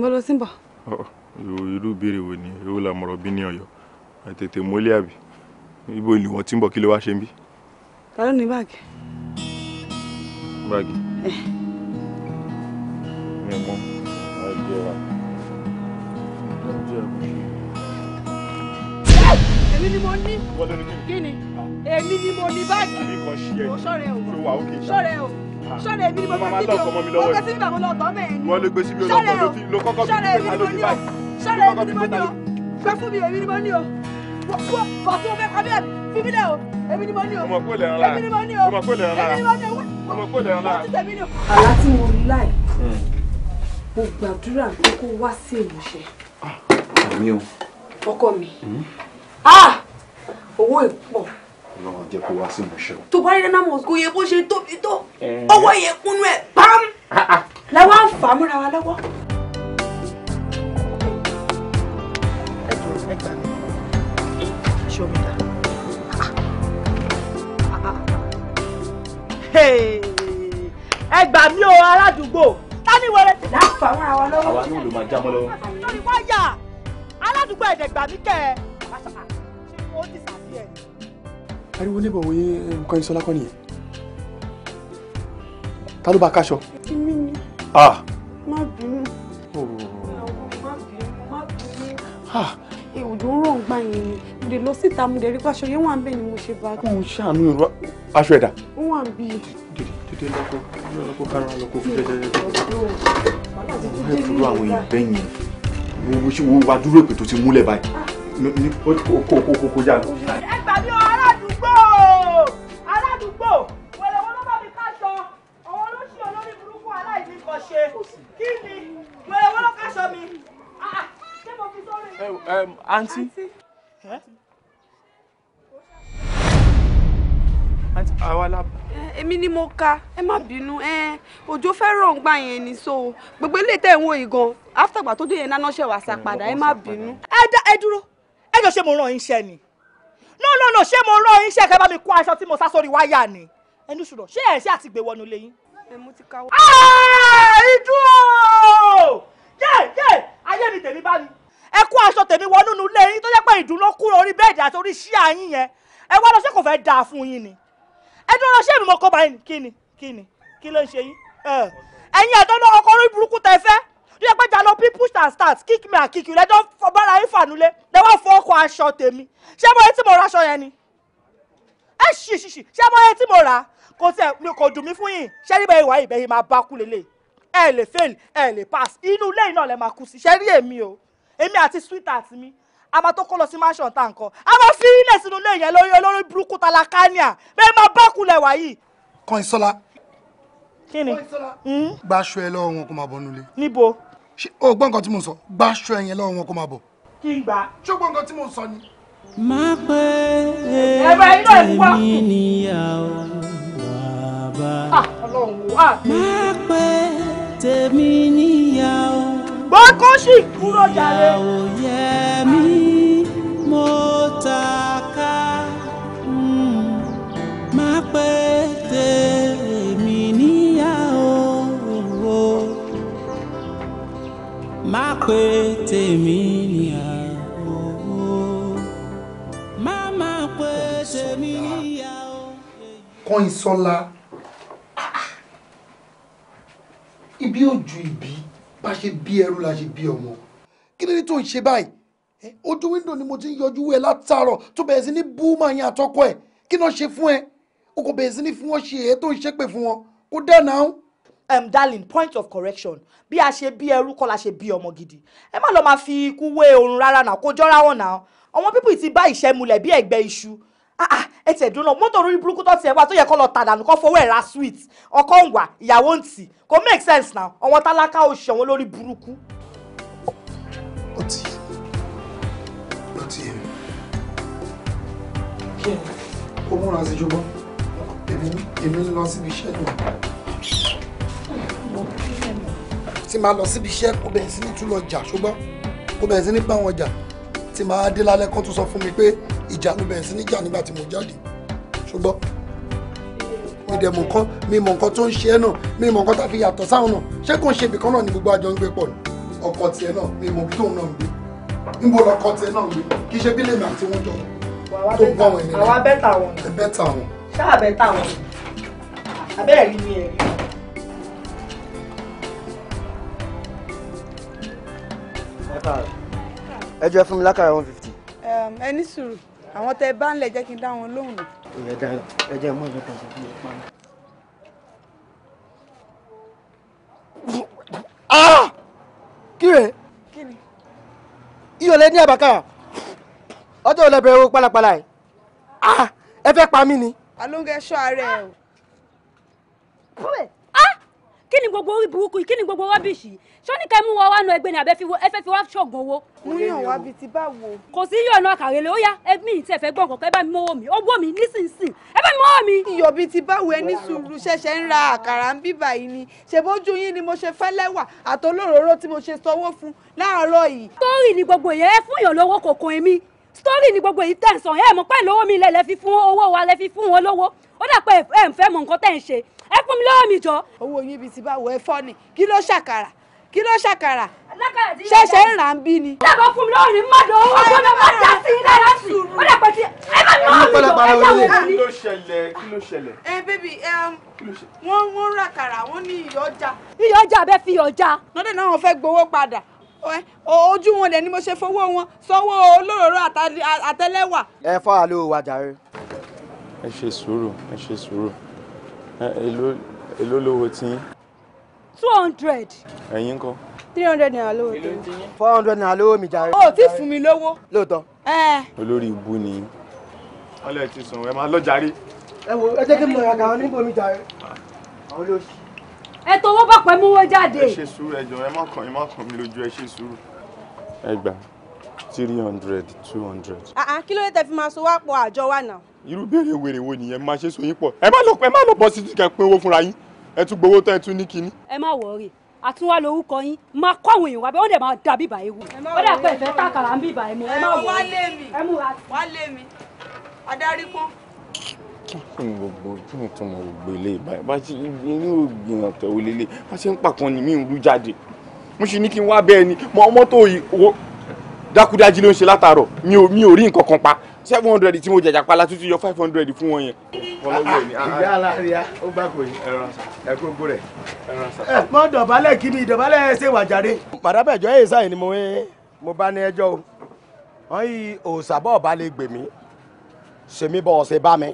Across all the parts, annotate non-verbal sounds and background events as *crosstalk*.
mo lọ sí ń bọ̀. irú ìbéèrè wo ni èwo la mọ̀rọ̀ bí ní ọ̀yọ́ àtètè mọ́lẹ́ àbí ibo ìlú wọn ti ń bọ̀ kí ló wá ṣe ń bí. ta ló ní báàgì. báàgì. mi mọ àìjẹ wa èmi ni mo ní kí ni èmi ni mo ní báàgì. àbí kan ṣí ẹ ṣó rẹ o sọ̀rọ̀ èmi ni mo fẹ́ síbi o mo fẹ́ síbi àwọn ọlọ́tọ̀ mẹ́ẹ̀ ni wọ́n lè gbé síbi olóko ló bí gbé ta lójú báyìí èmi ni mo ní o fẹ́ fún mi èmi ni mo ní o bọ̀ fún mi abẹ́ fún mi lẹ́ o èmi ni mo ní o èmi ni mo ní o èmi ni mo ní o wọ́n ti tẹ̀mí ni o. àlá tí mo láì hmm. mo gbàdúrà pé kó wá sí ìmúṣẹ. Ah, ọkọ mi hmm. ah! owó ìpọ̀. Ọlọ́run jẹ́ kó wá sí ìmúṣẹ. tó bá rí nana mosco yẹ bó ṣe tóbi tó eh. ọwọ́ yẹ kúnú ẹ̀ pam ah, ah. làwọn á fà á múra wa lọ́wọ́. ẹ ah, gbà mí o aládùúgbò tani wẹrẹ. láǹfà múra wa lọ́wọ́. àwa náà ló máa jámọ́ lọ́wọ́. wáyà aládùúgbò ẹ̀dẹ̀gbà mi kẹ́ ẹ. ó ti sàn ariwo níbọ̀ wọ́n nǹkan ìsọlá kọ́ nìyẹn ta ló bá káṣọ. èmi ni má bínú òjò ń rọ̀ ń gbà yẹn ni mo lè lọ síta mo lè rí pàṣọ yẹn wà ń bẹ̀ ni mo ṣe bá. mo ń ṣàánú ìrọ aṣọ ẹ̀dá. ó wà ń bí. dèdè dèdè lọkọ lọkọ kára lọkọ fún jẹjẹrẹ. ẹ fúru àwọn ìbẹ́yìn wo wo wa dúró èpè tó ti múlẹ̀ báyìí kó kó kó kó já. ẹ gbà mí o. àǹtí. Um, um, auntie, àwa la. Eh, èmi ni mo ka ẹ má bínú òjò fẹ́ràn gbà yẹn ni so gbogbo ilé tẹ̀ ń wo after gbà tó dé yẹn náà ṣe wàá sá padà ẹ má bínú. ẹ dá ẹ dúró ẹ jọ ṣé mo rán yín ṣẹ́ ni no no no ṣé mo rán yín ṣẹ́ kẹ́ bá mi kó aṣọ tí mo sa sórí wáyà ni ẹnu ṣùgbọ́n ṣé ẹ̀ ṣe àtìgbè wọnú lẹ́yìn. ẹ mú ti káwọ́. Ah, ìdúró yé yé ayé mi tèmi bá mi ẹ kó aṣọ tèmi wọnú inú ilé yín tó jẹ́ pé ìdùnnú kúrò orí bẹ́ẹ̀dì àti orí ṣíà yín yẹn ẹ wá lọ ṣé kò fẹ́ dà fún yín ni ẹ dúró lọ ṣé èmi mọ kó báyìí kí ni kí ni kí ló ń ṣe yín ẹ̀yin ẹ̀dọ́ náà ọkọ orí burúkú tẹ fẹ́ tó jẹ́ pé jalo bí push and start kick me and kick you lẹ́jọ́ bára yín fànulé lẹ́wọ́ fọ ọkọ̀ aṣọ tèmi ṣé mo yẹ tí mo ra aṣọ yẹn ni ẹ ṣì ṣì ṣì ṣé mo yẹ tí mo rà kò tiẹ̀ kò dùn mí fún yín ṣé níbẹ̀ ìwà ìbẹ̀yìn máa bá kú lélẹ̀ ẹ lè fail ẹ lè pass inú ilé yìí náà lè máa kú sí ṣé rí èmi o èmi àti sweetheart mi a máa tó kó lọ sí mansion tá nǹkan a máa fi ilẹ̀ sínú ilé yẹn lórí olórí burúkú talakania bẹ́ẹ̀ máa bá kulẹ̀ wáyé. Kọ́insọ́lá. kí ni. Hmm? gba aṣọ ẹ lọ́wọ́ wọn kó máa bọ̀ nulẹ̀. níbo. o gbọ́ nǹkan tí mo sọ gba aṣọ ẹ yẹn lọ́wọ́ wọn kó máa bọ̀. kí n gbà. ṣé o gbọ́ nǹkan tí mo sọ ni. má pé èmi níyàwó bàbá. Ah, ah. má pé tèmi níyàwó gbọ́ kó sì kúrò jàre. ìyàwó yẹ mí mo ta ká hmm, má pé tèmi níyàwó má pé tèmi níyàwó má má pé tèmi níyàwó. Kọ́ńsọ́lá ah, ah. ibi ó ibi bá ṣe bí ẹrú la ṣe bí ọmọ kí ló dé tó ń ṣe báyìí ojú wíńdò ni mo ti ń yọjú ẹ látàárọ̀ tó bẹ̀rẹ̀ sí ní bú màá yẹn àtọkọ ẹ kí ló ṣe fún ẹ o kò bẹ̀rẹ̀ sí ní fún wọn ṣe èyí tó ń ṣépè fún wọn kò dáná Um, darling point of correction bí a ṣe bí ẹrú kọ́ la ṣe bí ọmọ gidi ẹ má lọ máa fi ikú wé oorun rárá náà kó jọra wọn náà àwọn pípì ti bá ìṣẹ́ mulẹ̀ bí ẹ̀gbẹ́ iṣu Ah, ah, ẹ tiẹ̀ dúró lọ mọ́tò orí burúkú tó tiẹ̀ wá tó yẹ kó lọ tàdánù kó fowó ẹ̀ ra sweet ọkọ ń wà ìyàwó ń tì kò make sense now ọwọ́n tálákà ò ṣẹ̀wọ̀n lórí burúkú. ó ti ó ti yẹ kí ẹ kó múra sí jọgbọ́n èmi ń lọ síbi iṣẹ́ náà tí máa lọ síbi iṣẹ́ kó bẹ̀rẹ̀ sí ní tún lọ jà ṣùgbọ́n kó bẹ̀rẹ̀ sí ní bá wọn jà tí màá dé lálẹ́ kan tún sọ fún mi pé ìjà ló bẹ̀rẹ̀ sí níjà nígbà tí mo jáde ṣùgbọ́n mi dẹ̀ mọ̀ nǹkan mi mọ̀ nǹkan tó ń ṣe ẹ́ náà mi mọ̀ nǹkan tá fi yàtọ̀ sáwọn náà ṣé kò ń ṣe ibìkan náà ni gbogbo àjọ ń gbé pọ̀ ni tiẹ̀ náà mi mọ̀ bí tóun náà ń gbé níbo lọkọ tiẹ̀ náà ń gbé kì í ṣe bí lèmi àti wọn jọ tó gbọ́ wọn ẹ̀mí àwa bẹ́tà wọn ẹ wọn. ṣáà ẹ jọ fún mi lákàrà one fifty. ẹ ní sùúrù àwọn tẹ bá ń lẹ jẹ́ kí n dá wọn lóhùn nù. ìyẹn dayọ ẹ jẹ mọ ìjọba ìjọba ìjọba ìjọba. ah kíre. kí ni. iyọ̀ lẹ ní àbákà ọjọ́ ò lẹ owó pálapàla yìí ah ẹ fẹ́ pa mí ni. alóńgẹ ṣọ́ ara ẹ o kí ni gbogbo orí burúkú kí ni gbogbo rọ́bìṣì ṣó ní kẹ́mú wọn wánú ẹgbẹ́ ni àbẹ́ fi ẹ fẹ́ fi wá ṣọ̀gbọ̀n owó. mo yàn wá bíi ti báwo. kò sí yọ̀ náà ó yá ẹbí ìtẹ̀ fẹ́ gbọ̀ngàn kẹ́ bá mi mọ́wọ́ mi owó mi nísinsìn ẹ bá mi mọ́wọ́ mi. iyọ̀ bíi ti báwo ẹni sùúrù ṣẹ̀ṣẹ̀ ń ra àkàrà ń bíbà yìí ni ṣèbójú yín ni mo ṣe fẹ́ lẹ́wà àtolóróró tí mo ṣe sanwó fún láàárọ̀ yìí. sítórì ni gbogbo yẹn ẹ fún yàn lówó kòkó èmi sítórì ni gbogbo yìí tẹ̀sán ẹ mọ̀ pé lówó mi lẹ̀ lẹ́ fi fún owó wa lẹ́ ẹ fún mi lọ́wọ́ mi jọ. owó yín ibi tí báwo ẹ fọ́ ni kí ló ṣàkàrà kí ló ṣàkàrà ṣẹ̀ṣẹ̀ ń rà ń bí ni. dábàá fún mi lọ́wọ́ Ni mọ́tò owó tó ní máa dá sí náírà sí ó dẹ̀ pẹ̀tì ẹ bá mi lọ́wọ́ mi jọ ẹ jáwé mi. kí ló ṣẹlẹ̀ kí ló ṣẹlẹ̀. ẹ eh, bébì wọ́n wọ́n rà kàrà wọ́n ní iyọ̀ ọjà. iyọ̀ ọjà abẹ́ fi iyọ̀ ọjà. lọ́dẹ̀ náà wọ́n fẹ́ gbowó padà ojú wọn lẹ ni mo ṣe fowó wọn sanwó olóróró àtẹlẹwà. ẹ fọ́ àlọ́ wàjà rẹ. ẹ ṣe sùúrù ẹ ṣe sùúrù èló lówó tiyín. two hundred. ẹ̀yin kọ́. three hundred naira lówó tiyín. four hundred naira lówó mi jàre. o ti fún mi lówó. lóòótọ́. olórí ibu ni. ọlẹ́ ti sùn ẹ máa lọ jàre. ẹ wo ẹ jẹ́ kí n lọ yàgà àwọn níbo mi jàre. àwọn olóòṣì. ẹ tọwọ́ bá pẹ́ mú wọ́n jáde. ẹ ṣe sùúrù ẹ jọ ẹ má kàn ẹ má kàn mí lójú ẹ ṣe sùúrù. ẹ gbà three hundred two hundred. Ah, ah, kí ló dé tẹ fi máa so wá pọ̀ àjọ wa náà irú béèrè wèrè wo nìyẹn máa ṣe so yín pọ̀ ẹ má lọ ẹ má lọ bọ́ sí kẹ pé owó fúnra yín ẹ tún gbowó tán ẹ tún ní kinní. ẹ má wọrí àtúnwá lorúkọ yín máa kọ́ àwọn èèyàn wá bẹ́ẹ̀ ó dẹ̀ máa da bíbà yìí wò ó dẹ̀ pé ìfẹ́ tàkàrà ń bíbà yìí mọ́ ẹ má wọrí. wá lé mi wá lé mi adarí pọ́n. kí ni gbogbo kí ni tó mọ gbogbo ilé ìbáyìí bá ṣe inú ògbìn ọ̀tẹ̀ wo lélẹ̀ bá ṣe ń pàkan ni mí ń rú jáde mo ṣe ní kí n wá bẹ́ẹ̀ ni mọ́tò dákúdájí ló ń ṣe látàárọ̀ mi ò rí nǹkan kan pa seven hundred tí mo jẹjà pala tuntun yọ five hundred fún wọn yẹn. Ah, ah. ìyá aláríyá ó bá kò yí ẹkú ogun rẹ. ẹ mọ dọ̀bálẹ̀ kí ni ìdọ̀bálẹ̀ ṣe wà jáde. màdàbẹ̀jọ èyí sáyé ni mo bá ní ẹjọ́ o wọ́n yí òòsàbọ̀ ọba lè gbè mí ṣèmi bọ̀ ọ̀sẹ̀ bá mi.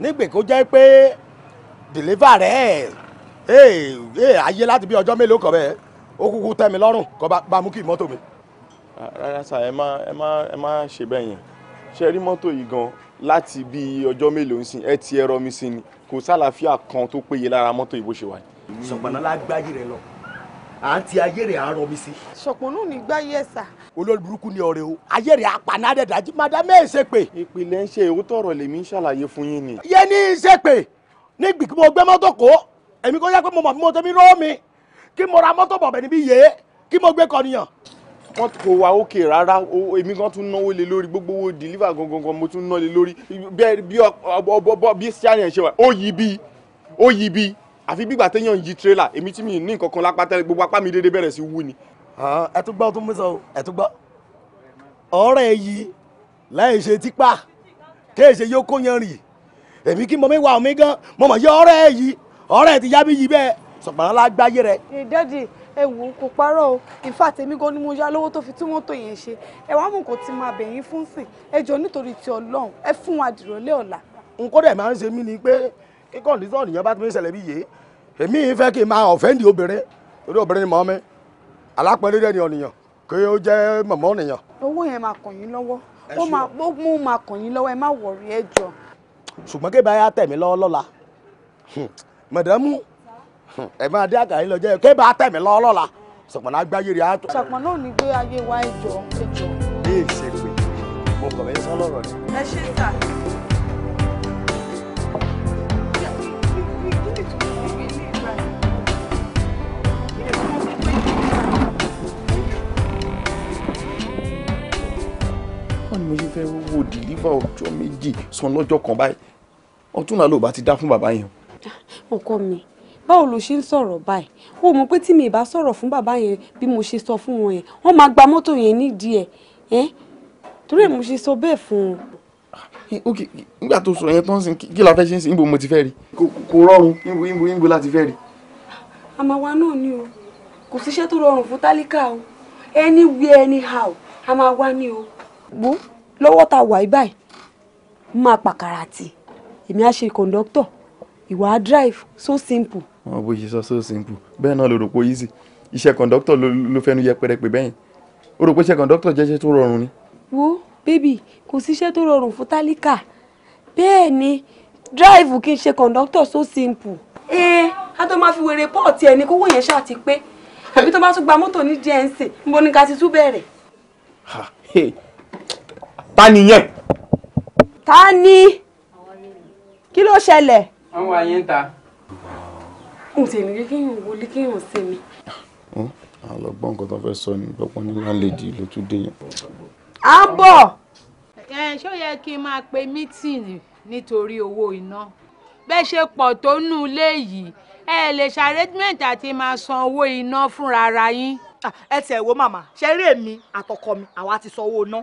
nígbè kó jẹ́ pé deliver rẹ̀ ẹ̀ ẹ̀ ayé láti bí ọjọ́ mélòó kan bẹ́ẹ̀ ó kúkú tẹ́ mi lọ́rùn kó bá mú kí mọ́tò mi rárá sà ẹ má ẹ má ẹ má ṣe bẹ́ẹ̀ yẹn ṣe rí mọ́tò yìí gan láti bí ọjọ́ mélòó nsìn ẹ ti ẹrọ mi sí ni kò sálàáfíà kan tó péye lára mọ́tò yìí bó ṣe wà ní. sọ̀gbọ́nà rẹ lọ àǹtí ayé rẹ̀ àárọ̀ mi sí. ṣọ̀pọ̀nù ní gbáyé ẹ̀ sà. olórí burúkú ni ọ̀rẹ́ o ayé rẹ̀ àpàná rẹ̀ dájú madame ẹ̀ ṣe pé. ìpìlẹ̀ ń ṣe èwo tọrọ lèmi ń ṣàlàyé fún yín ni. yé ní í ṣe pé ní gbìgbì mo gbé mọ́tò kó èmi kò yá pé mo mọ̀ bí mo mi rọ́ mi kí mo ra mọ́tò bọ̀bẹ̀ níbí yé kí mo gbé kọ́niyàn wọn kò wá òkè rárá èmi gan tún náwó lé lórí gbogbo owó deliver gangan mo tún ná lé lórí bí ọbọ bí sáré ṣe wà ó yí bí ó yí bí àfi bígbà téèyàn yí tírélà èmi tí mi ní nǹkan kan lápá tẹ́lẹ̀ gbogbo apá mi déédéé bẹ̀rẹ̀ sí wú ni. ẹ tún gbọ́ tó ń mú sọ ẹ tún gbọ́ ọ̀rọ̀ yí láì ṣe tipa kéè ṣe yóò kó yan rì èmi kí mo mi wà mí gan mo mọ̀ yọ ọ̀rọ̀ yí ọ̀rọ̀ ti yá mi yí bẹ́ẹ̀ sọ̀pọ̀nà ẹ kò parọ́ o in fact èmi gan ni mo yá lówó tó fi tún mọ́tò yẹn ṣe ẹ wàá mọ̀ kó ti máa bẹ̀ yín fún sìn ẹ jọ nítorí ti ọlọ́run ẹ fún wa dìrọ̀lẹ́ ọ̀la. nǹkan dẹ̀ máa ń ṣe mí ni pé kí kọ́ndíṣọ́ọ̀nù yẹn bá ti ń ṣẹlẹ̀ bí yé èmi ìfẹ́ kí n máa ọ̀fẹ́ndì obìnrin torí obìnrin ni mọ́ mi alápẹ̀lẹ́ dẹ̀ ni ọ̀nìyàn kí ó jẹ́ mọ̀mọ́ ọ̀nìyàn. owó yẹn máa kàn yín lọ́wọ́ ó máa kàn yín lọ́wọ́ ẹ má wọ̀rí ẹ jọ. ṣùgbọ́n kébà yá tẹ̀ lọ́wọ́ lọ́la hmm, mọ̀dàmú ẹ máa dé àgàrí lọ́jọ́ yẹn ké bá tẹ̀mí lọ́ lọ́la sọ̀pọ̀nà agbáyé rẹ̀ á tó. sọ̀pọ̀n náà ní gbé ayé wa ẹjọ́ ẹjọ́. bí èsè pé mo kọ̀ bẹ́ẹ̀ sọ́ lọ́rọ̀ ni. ẹ ṣe ń tà. ni mo ṣe fẹ́ wo dìlífà ọjọ́ méjì san lọ́jọ́ kan báyìí ọtún náà ló bá ti dá fún bàbá yẹn. ọkọ mi báwo ló ṣe ń sọ̀rọ̀ báyìí ó mọ̀ pé tí mi ì bá sọ̀rọ̀ fún bàbá yẹn bí mo ṣe sọ fún wọn yẹn wọ́n máa gba mọ́tò yẹn nídìí ẹ̀ ẹ́ torí ẹ̀ mo ṣe sọ bẹ́ẹ̀ fún un. ok nígbà tó sọ yẹn tán sí kí la fẹ́ ṣe ń sìn níbo mo ti fẹ́ rí kò rọrùn níbo níbo níbo la fẹ́ rí. àmàwa náà ni o kò síṣẹ́ tó rọrùn fún tálíkà o anywhere anyhow a máa wá ní o. wo lọ́wọ́ ta wà yí báyìí máa pàkàrà tì èmi á ṣe kọ̀ǹdọ́tọ̀ ìwà drive so simple wọn bó ṣe sọ so simple bẹ́ẹ̀ náà ló rò pé easy iṣẹ́ kọ̀ǹdọ́tọ̀ ló fẹ́nu yẹpẹrẹ pé bẹ́yìn ó rò pé iṣẹ́ kọ̀ǹdọ́tọ̀ jẹ́ iṣẹ́ tó rọrùn ni. wo bébì kò síṣẹ́ tó rọrùn fún tálíkà bẹ́ẹ̀ ni drive kì í ṣe kọ̀ǹdọ́tọ̀ so simple. ẹ a tó máa fi wèrè pọ́ọ̀tì ẹ̀ ní kówó yẹn ṣáà ti pé àbí tó bá tún gba mọ́tò ní jẹ́ǹsì níbo ni ká ti tún bẹ̀rẹ̀. ta ni yẹn. ta ni kí ló ṣẹlẹ̀. àwọn àyè ń ta n sì ní kéèyàn wọlé kéèyàn sí mi. àlọ́gbọ́n nǹkan tó fẹ́ sọ ni lọ́pọ̀ ní láńlẹ́dì ló tún dé yẹn. a bọ̀. ẹ ṣó yẹ kí n máa pe mítìnì nítorí owó iná bẹ́ẹ̀ ṣe pọ̀ tó nù léyìí ẹ lè ṣe arrangement àti máa san owó iná fúnra ara yín. Ah, ẹ tiẹ̀ wo màmá ṣe eré mi àtọkọ mi àwa ti san owó náà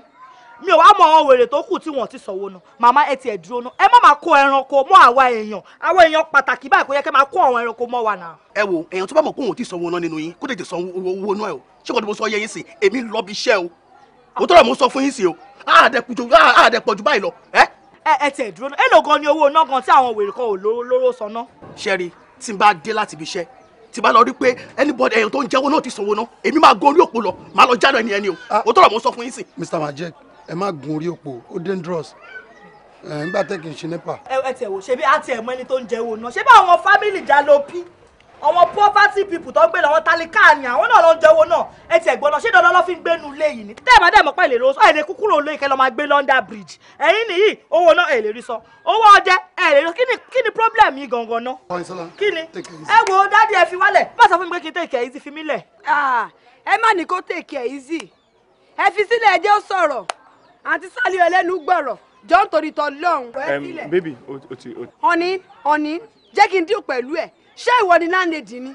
mi ò wá mọ àwọn wèrè tó kù tí wọn ti sọwọ nù màmá ẹ tiẹ̀ dúró nù ẹ má máa kó ẹranko mọ́ àwa èèyàn àwọn èèyàn pàtàkì báyìí kò yẹ kẹ́ máa kó àwọn ẹranko mọ́ wa nà. ẹ wo èèyàn tó bá mọ̀ pé òun ò tí ì sanwó náà nínú yín kó tètè san owó náà o ṣé kò tó mo sọ yẹ yín sí èmi lọ bí iṣẹ́ o mo tọrọ mo sọ fún yín sí o àdẹ pọ̀jù báyìí lọ ẹ. ẹ ẹ tiẹ̀ dúró nù èlò gan ni owó náà gan tí àwọn wèrè kan ò lóró sọ ná. ṣẹ́ri tí n bá dé láti ibi lọ rí pé anybody èèyàn tó ń jẹ́wọ́ náà ti sanwó náà èmi máa gorí òpó lọ máa lọ jáde ẹni ẹni o ah. mo tọrọ mo sọ fún yín sí. Mr. Majek ẹ má gun orí òpó ó dangerous ẹ nígbà tẹ kì í ṣe nípa. ẹ ẹ tiẹ̀ wò ṣebí àti ẹ̀mọ́ ẹni tó ń jẹ owó náà ṣebí àwọn fámìlì jalopy àwọn poverty people tó ń gbé lọ́wọ́ tálíkà ni àwọn náà ló ń jẹ owó náà ẹ tiẹ̀ gbọ́ náà ṣé dandan ló fi ń gbé nu ilé yìí ni. tẹ́ ẹ̀ bá dẹ̀mọ́ pẹ̀lẹ́ ló sọ ẹ̀ lè kúkúrò olóyè kẹ́ lọ́ máa gbé London Bridge ẹ̀yìn nìyí owó náà ẹ̀ lè rí sọ owó ọjẹ́ ẹ̀ lè rí kí ni problem yìí gangan náà. kí ni ẹ wo dádì ẹ fi wálẹ̀ má sọ fún mi pé kí n take easy fi mí lẹ̀. Ah, ẹ má ní kó take easy ẹ fi sílẹ̀ ẹ jẹ́ ó sọ̀rọ̀ àǹtí sálíù ẹlẹ́nu gbọ̀rọ̀ jọ ń torí tọ lọ́hùn. bébì o ti. ọ̀ní ọ̀ní jẹ́ kí n dín pẹ̀lú ẹ̀ ṣé ìwọ ni láńlẹ́dì ni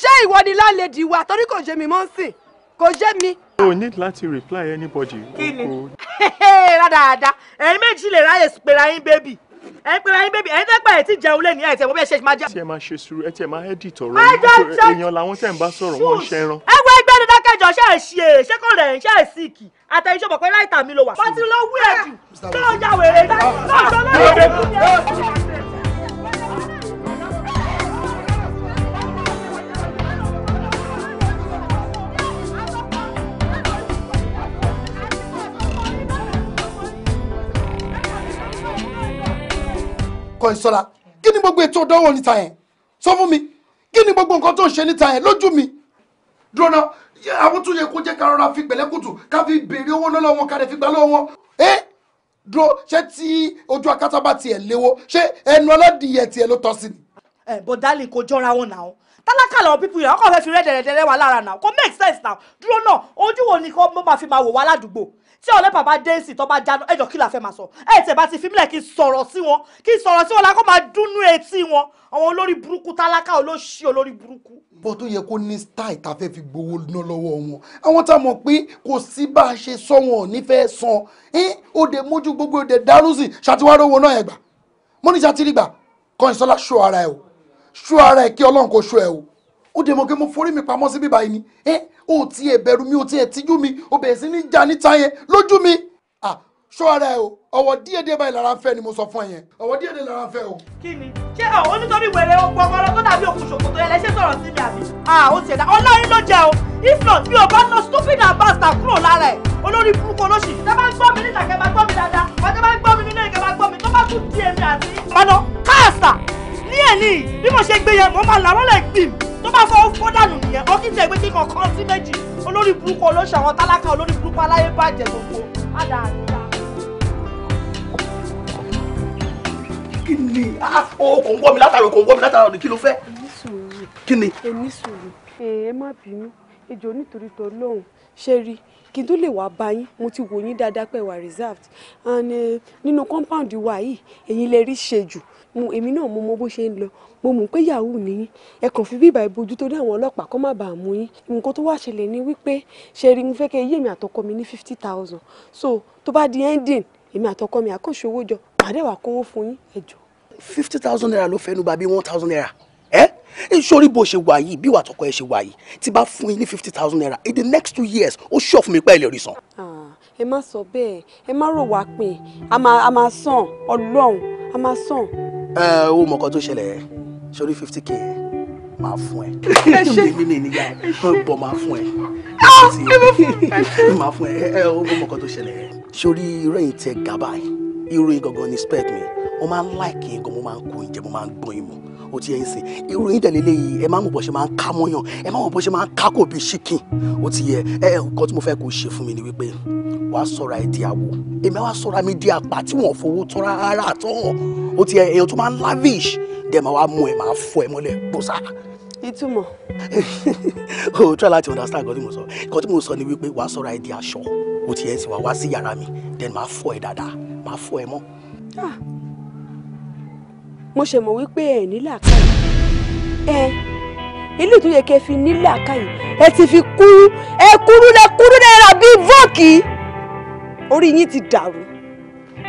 ṣé ìwọ ni láńlẹ́dì wa torí kò jẹ́ mi mọ́ ń sìn kò jẹ́ mi. o need láti reply anybody. kí ni *laughs* rádaràda ẹ̀yin méjì lè ráyè pera yín bébì ẹ ń pera yín bébì ẹ ń tẹ́pẹ́ ẹ̀ tí jẹun lé ní ẹ̀ tẹ̀ wọ́n bẹ́ẹ̀ ṣe máa jẹun. ẹ tiẹ̀ máa ṣe sùúrù ẹ tiẹ̀ máa edit ọ̀rọ̀ yín làwọn tẹ̀ ń bá sọ̀rọ̀ wọn ṣẹ́ran. ẹ wo ẹgbẹ́ dídákẹ́jọ ṣe é ṣe é ṣé kò rẹ̀ ṣe é síìkì àtẹ̀yìnṣọ́ bọ̀ pé láìta mi ló wà. wọ́n ti lọ wí ẹ̀jù tó ah, lọ ya wèrè náà lọ́jọ́ lọ́jọ́ kọ ìsọra kí ni gbogbo ètò ọdọ wọn níta yẹn sọ fún mi kí ni gbogbo nǹkan tó ń ṣe níta yẹn lójú mi dúró náà àwọn tó yẹ kó jẹ́ ká rọra fi pẹ̀lẹ́kùtù ká fi béèrè owó lọ́wọ́ wọn ká lè fi gbà lọ́wọ́ wọn. ẹ dúró ṣé tí ojú akátá bá tiẹ̀ léwó ṣé ẹnu ọlọ́dìyẹ tiẹ̀ ló tọ́ sí ni. ẹ bọ dálì kò jọra wọn náà tálákà làwọn pípù yẹn ọkọ fẹẹ fi rẹ dẹrẹdẹrẹ wa lára náà kò make sense náà dúró náà ojú wo ni kò máa fi máa wò wá ládùúgbò tí ọlọ́pàá bá dé sí tó bá jáná ẹjọ́ kí la fẹ́ máa sọ ẹ tẹ̀ bá ti fi mílẹ̀ kí n sọ̀rọ̀ sí wọn kí n sọ̀rọ̀ sí wọn lákọ́ máa dúnú etí wọn àwọn olórí burúkú tálákà olóṣì olórí burúkú. bó tó yẹ kó ní style tá a fẹ́ fi gbowó ná lọ́wọ́ wọn àwọn tá a mọ̀ pé kò sí bá a ṣe sọ wọn ò ní fẹ́ san ẹ́ ó dé mójú gbogbo dé dárúsì ṣàtiwárò wọn náà ẹ̀gbà mo ẹ̀ o ṣọ́ ara mo forí mi pamọ́ sí bíbá ni ẹ́ o ti ẹ̀ bẹ̀rù mi o ti ẹ̀ tijú mi o bẹ̀rẹ̀ sí ní ja níta yẹn lójú mi ṣọ́ra ẹ o ọwọ́ díẹ̀díẹ̀ báyìí lára ń fẹ́ ni mo sọ fún ẹ yẹn ọwọ́ díẹ̀díẹ̀ lára ń fẹ́ o. kí ni ṣé òun nítorí wẹ̀rẹ̀ ọkọ̀ ọpọlọ tó dàbí òkú ṣòkòtò ẹlẹ́ṣẹ̀ sọ̀rọ̀ sí mi àbí. ó ti ẹ̀dá ọlọ́rin ló jẹ o if not bí o bá ná stupid and bastard kúrò lára ẹ̀ olórí burúkú olóṣì tẹ bá ń gbọ́ mi níta kẹ bá gbọ́ mi dáadáa ọjọ́ bá ń gbọ́ mi nínú ẹ̀ kẹ bá gbọ́ mi tó bá tún di èmi àti tó bá fọwọ́ fọ́ dànù nìyẹn ọ́fíìsì ẹgbẹ́ tí kankan sí méjì olórí burúkú olóṣù àwọn tálákà olórí burúkú aláyé bàjẹ́ gbogbo má dàá kí ni ọkọ̀ ah, ah, ń wọ́ mi látàrí ọkọ̀ ń wọ́ mi látàrí ọ̀dọ̀ kí ló fẹ́. kí ni. èmi sùúrù èèyàn má bínú ìjọ nítorí tó lóhùn ṣe rí i kí n tó lè wá bá yín mo ti wò yín dáadáa pé reserved and eh, nínú compound wa yìí ẹ̀yin lè rí ṣe jù èmi náà mo mọ bó ṣe ń lọ mo mọ̀ pé yahoo nìyí ẹ kàn fi bíbá ìbojú tó dé àwọn ọlọ́pàá kó má bàa mú yín nǹkan tó wá ṣẹlẹ̀ ni wípé ṣe rí mo fẹ́ kẹ́ yé mi àtọkọ mi ní fifty thousand so tó bá di ending èmi àtọkọ mi àkànṣe owó jọ pàdé wà kówó fún yín ẹjọ. fifty thousand naira ló fẹ́ nu bàbí one thousand naira ìṣòrí bó ṣe wà yìí bí ìwà tọkọ ẹ ṣe wà yìí tí bá fún yín ní fifty thousand naira in the next two years ó ṣọ́ fún mi pẹ́ lè rí san. ẹ má sọ bẹ́ẹ̀ ẹ má rò wá pé a máa sàn ọlọ́run a máa sàn. ẹ o mọ̀ kan tó ṣẹlẹ̀ ṣorí fifty k máa fún ẹ. ẹ ṣe mi mi nígbà bọ̀ máa fún ah, ẹ. máa fún ẹ ẹ o mọ̀ kan tó ṣẹlẹ̀ ṣorí rẹ́yìn tẹ gàbá yìí irú yìí gangan ni spec mi wọ́n máa ń láìkì yín gan mo máa ń kó yín mo máa ń gbọ́n yín ó ti yẹ yín sìn irú yín tẹ̀lé ẹ má mọ̀ bọ́ ṣe máa ń ká mọ́yàn ẹ má mọ̀ bọ́ ṣe máa ń ká kò bí ṣíkìn ó ti yẹ ẹ nǹkan tí mo fẹ́ kó ṣe fún mi ni wípé wàá sọ̀ra ẹ̀ di àwò èmi wàá sọ̀ra mi di àpá tí wọ́n fowó tọ́ rárá àtọ́ ó ti yẹ èèyàn tó máa ń lavish dẹ̀ máa wá mú ẹ máa fọ ẹ mọ́lẹ̀ gbòòsà ìtumọ̀. *laughs* o oh, try láti understand nǹkan tí mo sọ mo ṣe mọ̀ wípé ẹ̀ ní làákàyè ẹ ilé tó yẹ kẹ́ fi ní làákàyè ẹ ti fi kúrú ẹ kúrú lẹ kúrú náírà bíi vọ́ọ̀kì orí yín ti dàrú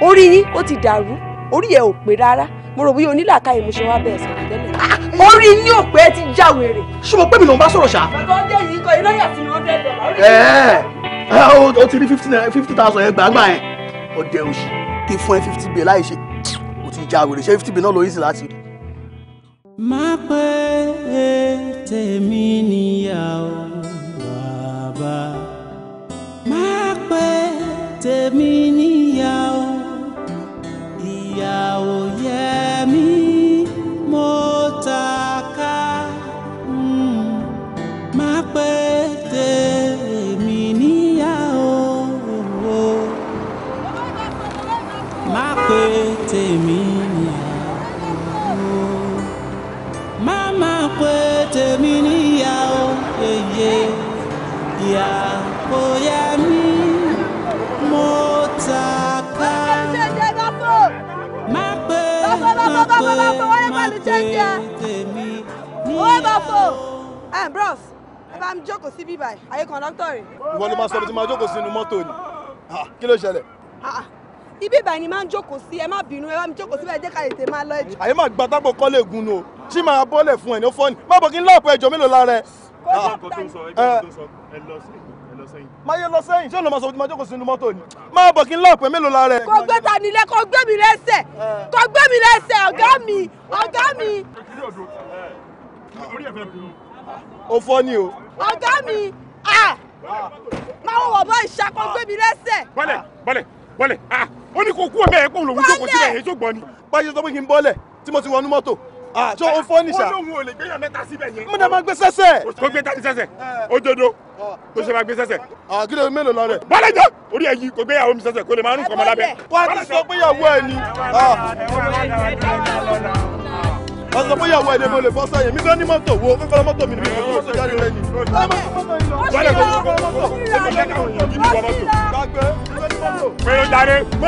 orí yín ó ti dàrú orí ẹ ò pé rárá mo rò bóyá onílàákàyè mo ṣe wá bẹ́ẹ̀ sọ̀rọ̀ tẹ́lẹ̀. Ah! orí yín ò pé ti já wèrè. ṣùgbọ́n pé mi ló ń bá sọ̀rọ̀ ṣá. bàbá ọdẹ yìí kọ iná yàtí ni wọ́n fẹ́ lọ. Eh! Ah, o ti rí fifty thousand ẹgbàá gbà yẹn ọdẹ òṣì kí fifty bẹ́ẹ̀ láì ja wèrè ṣé fifty billion ló yí sí láti rí. má pé tèmi níyàwó bàbá má pé tèmi níyàwó ìyàwó yẹn. tèmi ní ìyàwó. Eh, bros ẹ bá mi jókòó sí bíbá ẹ àyè kọ̀ńdọ́tọ̀ rẹ̀. ìwọ ló máa sọ ibi tí máa jókòó sínú mọ́tò ni ah, kí ló ah, ah. ni máa ń jókòó sí ẹ má bínú ẹ bá mi jókòó síbẹ̀ jẹ́ ká lè tè máa lọ ẹjọ́. àyè máa gba tápò kọ́lé gun nu o ṣí máa bọ́lẹ̀ fún ẹ̀ ní fọ́ọ̀nì má bọ̀ kí n láàpọ̀ ẹjọ́ mélòó lára ẹ. kó o tó ń sọ ẹ sẹ́yìn. yé lọ sẹ́yìn ṣé olùmọ̀sọ̀ ojúmọ̀ jókòó sínú mọ́tò ni máa bọ̀ kí n lọ́ọ̀pẹ́ mélòó la rẹ̀. kò gbé ta nílẹ̀ kò gbé mi lẹ́sẹ̀ eh. kò gbé mi lẹ́sẹ̀ ọ̀gá mi ọ̀gá mi. o ni o. ọ̀gá mi máa wọ̀ bọ́ ìṣá kò gbé mi lẹ́sẹ̀. bọ́lẹ̀ bọ́lẹ̀ bọ́lẹ̀ ó ní kó kú ọ̀mẹ́ ẹ̀ pọ̀ lòun jókòó sílẹ̀ èyí tó gbọ́ ni. báyìí sọ pé kí n bọ́lẹ̀ tí mo ti wọnú mọ́tò so o fọ́ nìṣà. olóhùn ò lè gbé mẹ́ta síbẹ̀ yẹn. mo dẹ̀ máa gbé sẹ́sẹ̀. kò gbé tani sẹ́sẹ̀ òdodo kò ṣe máa gbé sẹ́sẹ̀. àgídé mélòó la rẹ̀. bọ́lá jọ orí ẹ̀ yìí kò gbé mi sẹ́sẹ̀ kò lè máa rún kọ́mọ lábẹ́. wà á ti sọ pé yàwó ẹ ni. wà sọ pé yàwó ẹ ni mo lè bọ́ sẹ́yìn mi lọ́ní mọ́tò wo fífẹ́ mọ́tò mi ni mi kò sọ jáde rẹ ni. Pẹ̀lú ìdarí, mo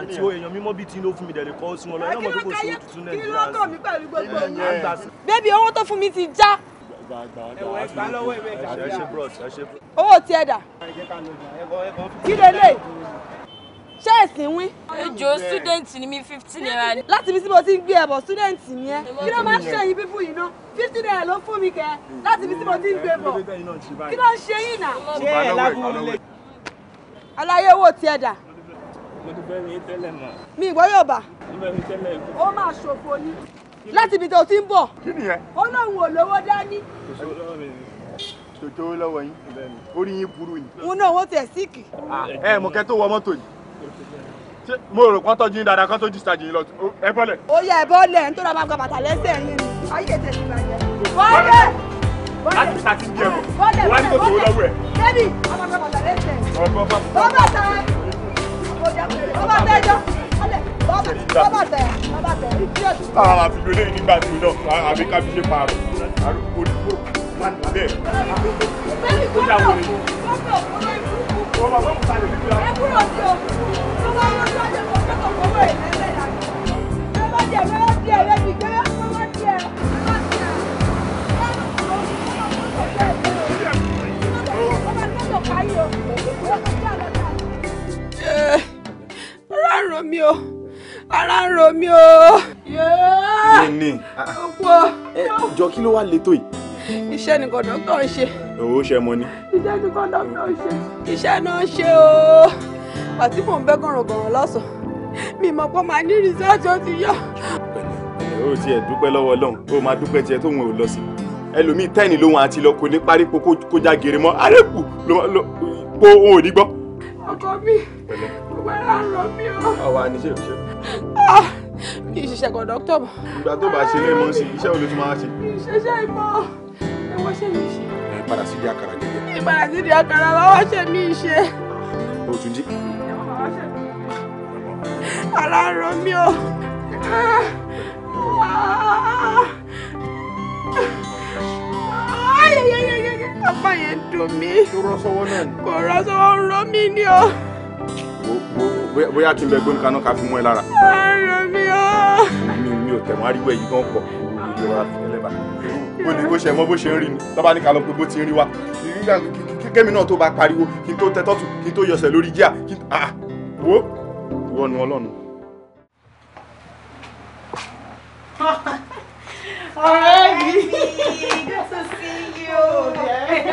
àti èèyàn mímọ́ bíi tí ló fún mi dẹ̀ lè kọ́ sí wọn lọ ẹ̀yọ́ mọ̀ tó kò sí tuntun nàìjíríà sí. kí ló kàn mí pẹ̀lú gbogbo yẹn. bébí owó tó fún mi ti já. ẹ̀wọ̀ ẹ̀gbá lọ́wọ́ ìwé ìjà. owó ti ẹ̀dà. kí lélẹ̀ ṣé ẹ̀sìn wín. ejò student ni mi fifty naira ni. láti fi sí mo ti ń gbé ẹbọ student ni ẹ kí ló máa ń ṣe yín fífún yìí náà fifty naira ló fún mi kẹ láti fi sí mo ń gbé bọ kí ló ń ṣe yín náà. ṣé owó ti ẹ̀dà mo ti fẹ́ rí tẹ́lẹ̀ mọ̀. mi ìwọ yóò bá. mo fẹ́ rí tẹ́lẹ̀ ikú. ó máa ṣòfò ni láti ibi tó ti ń bọ̀. kí nìyẹn. ó lóun ò lówó dání. kò lọ́wọ́ mi ni tòjó lọ́wọ́ yín orí yín burú ni. òun náà wọ́n tẹ̀ síìkì. Ah, ẹ mọ̀kẹ́ tó wọ mọ́tò yìí mo rò kán tọ́jú yín dáadáa kán tó jí sàjì yín lọ ẹ bọ́lẹ̀. ó yẹ ẹ bọ́lẹ̀ nítorí àwọn àgbà bàtà lẹ́sẹ̀ yín ni ayé ètò ìlú àjẹ. bọ́lẹ̀ láti fi ta sí bí ẹ bọ̀ wọ́n á ní kò tó lọ́wọ́ ẹ̀. débi àwọn àgbà bàtà lẹ́sẹ̀. ọ̀gbọ́n bàtà. bọ́ bàtà bàbá tẹ ẹjọ́ bàbá tẹ bàbá tẹ idiot. àwọn àfihàn eléyìí nígbà tí mo náà àbí ká fi ṣe pààrọ̀ àrùkò òdìbò wà níbẹ̀. bẹ́ẹ̀ni gómìnà gómìnà kúrò ìbúkú. ọmọ bọ́ọ̀mù sálẹ̀ nígbà. ẹ kúrò sí o tó bá wọn tó ọjọ́ kọ̀ọ̀kan kọ̀ọ̀kan rẹ̀ lẹ́lẹ́dàá. ẹ bá jẹ̀ mẹ́rẹ́ díẹ̀ rẹ̀ nìkan ẹ ro mi o ara ń ro mi o. yéèní ọ̀pọ̀. jọ kí ló wá le tó yìí. iṣẹ́ nìkan dókítà ń ṣe. owó ṣe mọ ni. iṣẹ́ nìkan dókítà ń ṣe. iṣẹ́ náà ń ṣe o. pàtí mò ń bẹ́ gọ̀rọ̀gọ̀rọ̀ lọ́sàn-án mi mọ̀ pé màá ní rìsọ́ọ̀tì ó ti yọ. ó tiẹ̀ dúpẹ́ lọ́wọ́ Ọlọ́run ó máa dúpẹ́ tiẹ̀ tóun ò lọ sí i ẹlòmíì tẹ́ẹ̀nì lòun àti lọ kò ní parípo kó já gèrè mọ́ àrẹ́kù ló po ohun ò ní gbọ́. ọkọ mi agbára rọ mí o. àwa ni ṣé o ṣe. Ah, mi ì ṣiṣẹ́ kan dókítà mọ́. ìgbà tó bá ṣe léèmọ́ sí iṣẹ́ wo ló tún máa ṣe. mi ì ṣiṣẹ́ ìmọ̀ ẹ̀wọ́n ṣe mi ṣe. ẹ padà sí di àkàrà jẹjẹ. ìpadà sí di àkàrà lọ́wọ́ ṣe mi ṣe. Ah, o tún jí. ara rọ mí o. Ah. Apá yẹn dùn mí. Kò rọ sọ́wọ́ náà ni. Kò rọ sọ́wọ́ rọ mí ni o bóyá kí n bẹ gbóni kaná ká fi mú ẹ lára. Ah! mi mi ò tẹ̀wọ́n ariwo èyí gan pọ̀ mi ò wá tẹ̀lẹ́bà. bó ni bó ṣe mọ bó ṣe ń rí ni tọ́ba ní ká lọ pé bó ti ń rí wa. kémi náà tó bá pariwo kí n tó tẹ tọ́tù kí n tó yọsẹ̀ lórí jíà kí n ah wo ìwọ nu ọ̀rẹ́ mi good to see you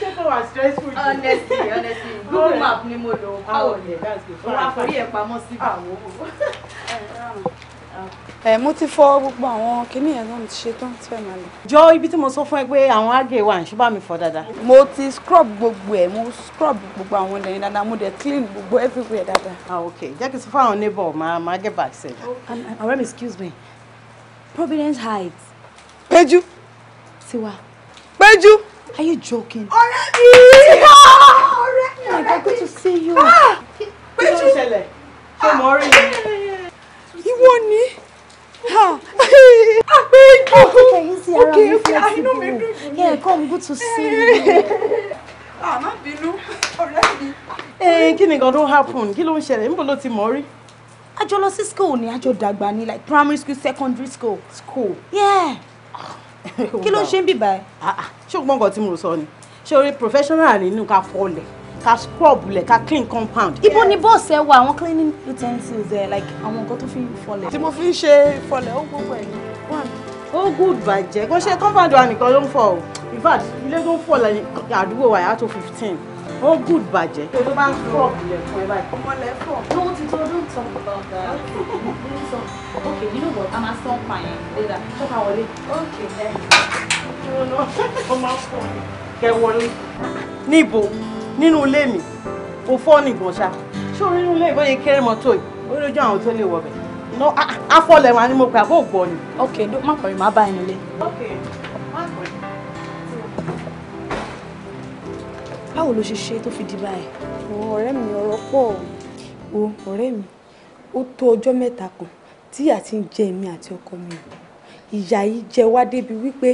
ṣé kò wá stressful jù. honestly honestly google *laughs* map ni mo lò báwo ni òun àforí ẹ̀ pamọ́ síbi. Ah, *laughs* ah. ẹ mo ti fọ gbogbo àwọn kinní yẹn náà ti ṣe tán tí fẹ́ máa lọ. jọ ibi tí mo sọ fún ẹ pé àwọn àgè wà ṣé bá mi fọ dáadáa. mo ti scrub gbogbo ẹ mo scrub gbogbo àwọn ilẹ̀ yẹn dáadáa mo dẹ̀ clean gbogbo everywhere dáadáa. ah ok jẹ́ kí n sọ fún àwọn neighbor Ma ma get back sẹ́yìn. ọ̀rẹ́ mi excuse me Providence Heights Péjú. Tiwa. Péjú. Are you joking? Already! mi! Tiwa! Ọ̀rẹ́ mi! Oh my God, good to see you. Péjú. Ah! Kí ló ń ṣẹlẹ̀? Ṣé mo rí i? Ìwọ ni. Ah, Péjú. Okay, okay, inú mi dùn jù. Yeah, come, good to see you. Ah, má bínú. Ọ̀rẹ́ mi. Eh, kí ni nǹkan tó happen? Kí ló ń ṣẹlẹ̀? Níbo ló ti mọ̀ rí? A jọ lọ sí school ni, a jọ dàgbà ni, like primary school, secondary school. School? Yeah kí ló ń ṣe ń bìbà ẹ ṣùgbọ́n nǹkan tí mo sọ ni ṣe orí professional nínú ká fọlẹ̀ ká scrub lẹ̀ ká clean compound. ibo ni bọ́ọ̀sì ẹ wà àwọn cleaning utensils ẹ like àwọn nǹkan tó fi ń fọlẹ̀. tí mo fi ń ṣe fọlẹ̀ ó gbogbo ẹ̀ one ó good bàjẹ́ kó ṣe compound wa nìkan ló ń fọ o in fact ilé tó ń fọ àdúgbò wa yàtọ̀ fifteen. Oh, good budget. tó bá ń fọ ilẹ̀kùn ẹ báyìí. ọmọ no don't talk about that. okay you know what a máa sàn pa yẹn later talk our way. okay ẹ dúró náà ó máa fọ ni. kẹ wọlé. níbo nínú ilé mi kò fọ́ nìgbọ̀n ṣá ṣé orí inú ilé ìbọn yẹn kéré mọ́tò yìí ó lójú àwọn tó lè wọ̀ bẹ̀. no afọlẹ̀ wa ni mo pè àbó ògbọ́ okay má kọrin má bá ẹni lé. okay. báwo ló ṣe ṣe tó fi di báyìí. àwọn ọ̀rẹ́ mi ọ̀rọ̀ pọ̀ o. o ọ̀rẹ́ mi ó tó ọjọ́ mẹ́ta kan tí ìyà ń jẹ èmi àti ọkọ mi o ìyà yìí jẹ wá débi wípé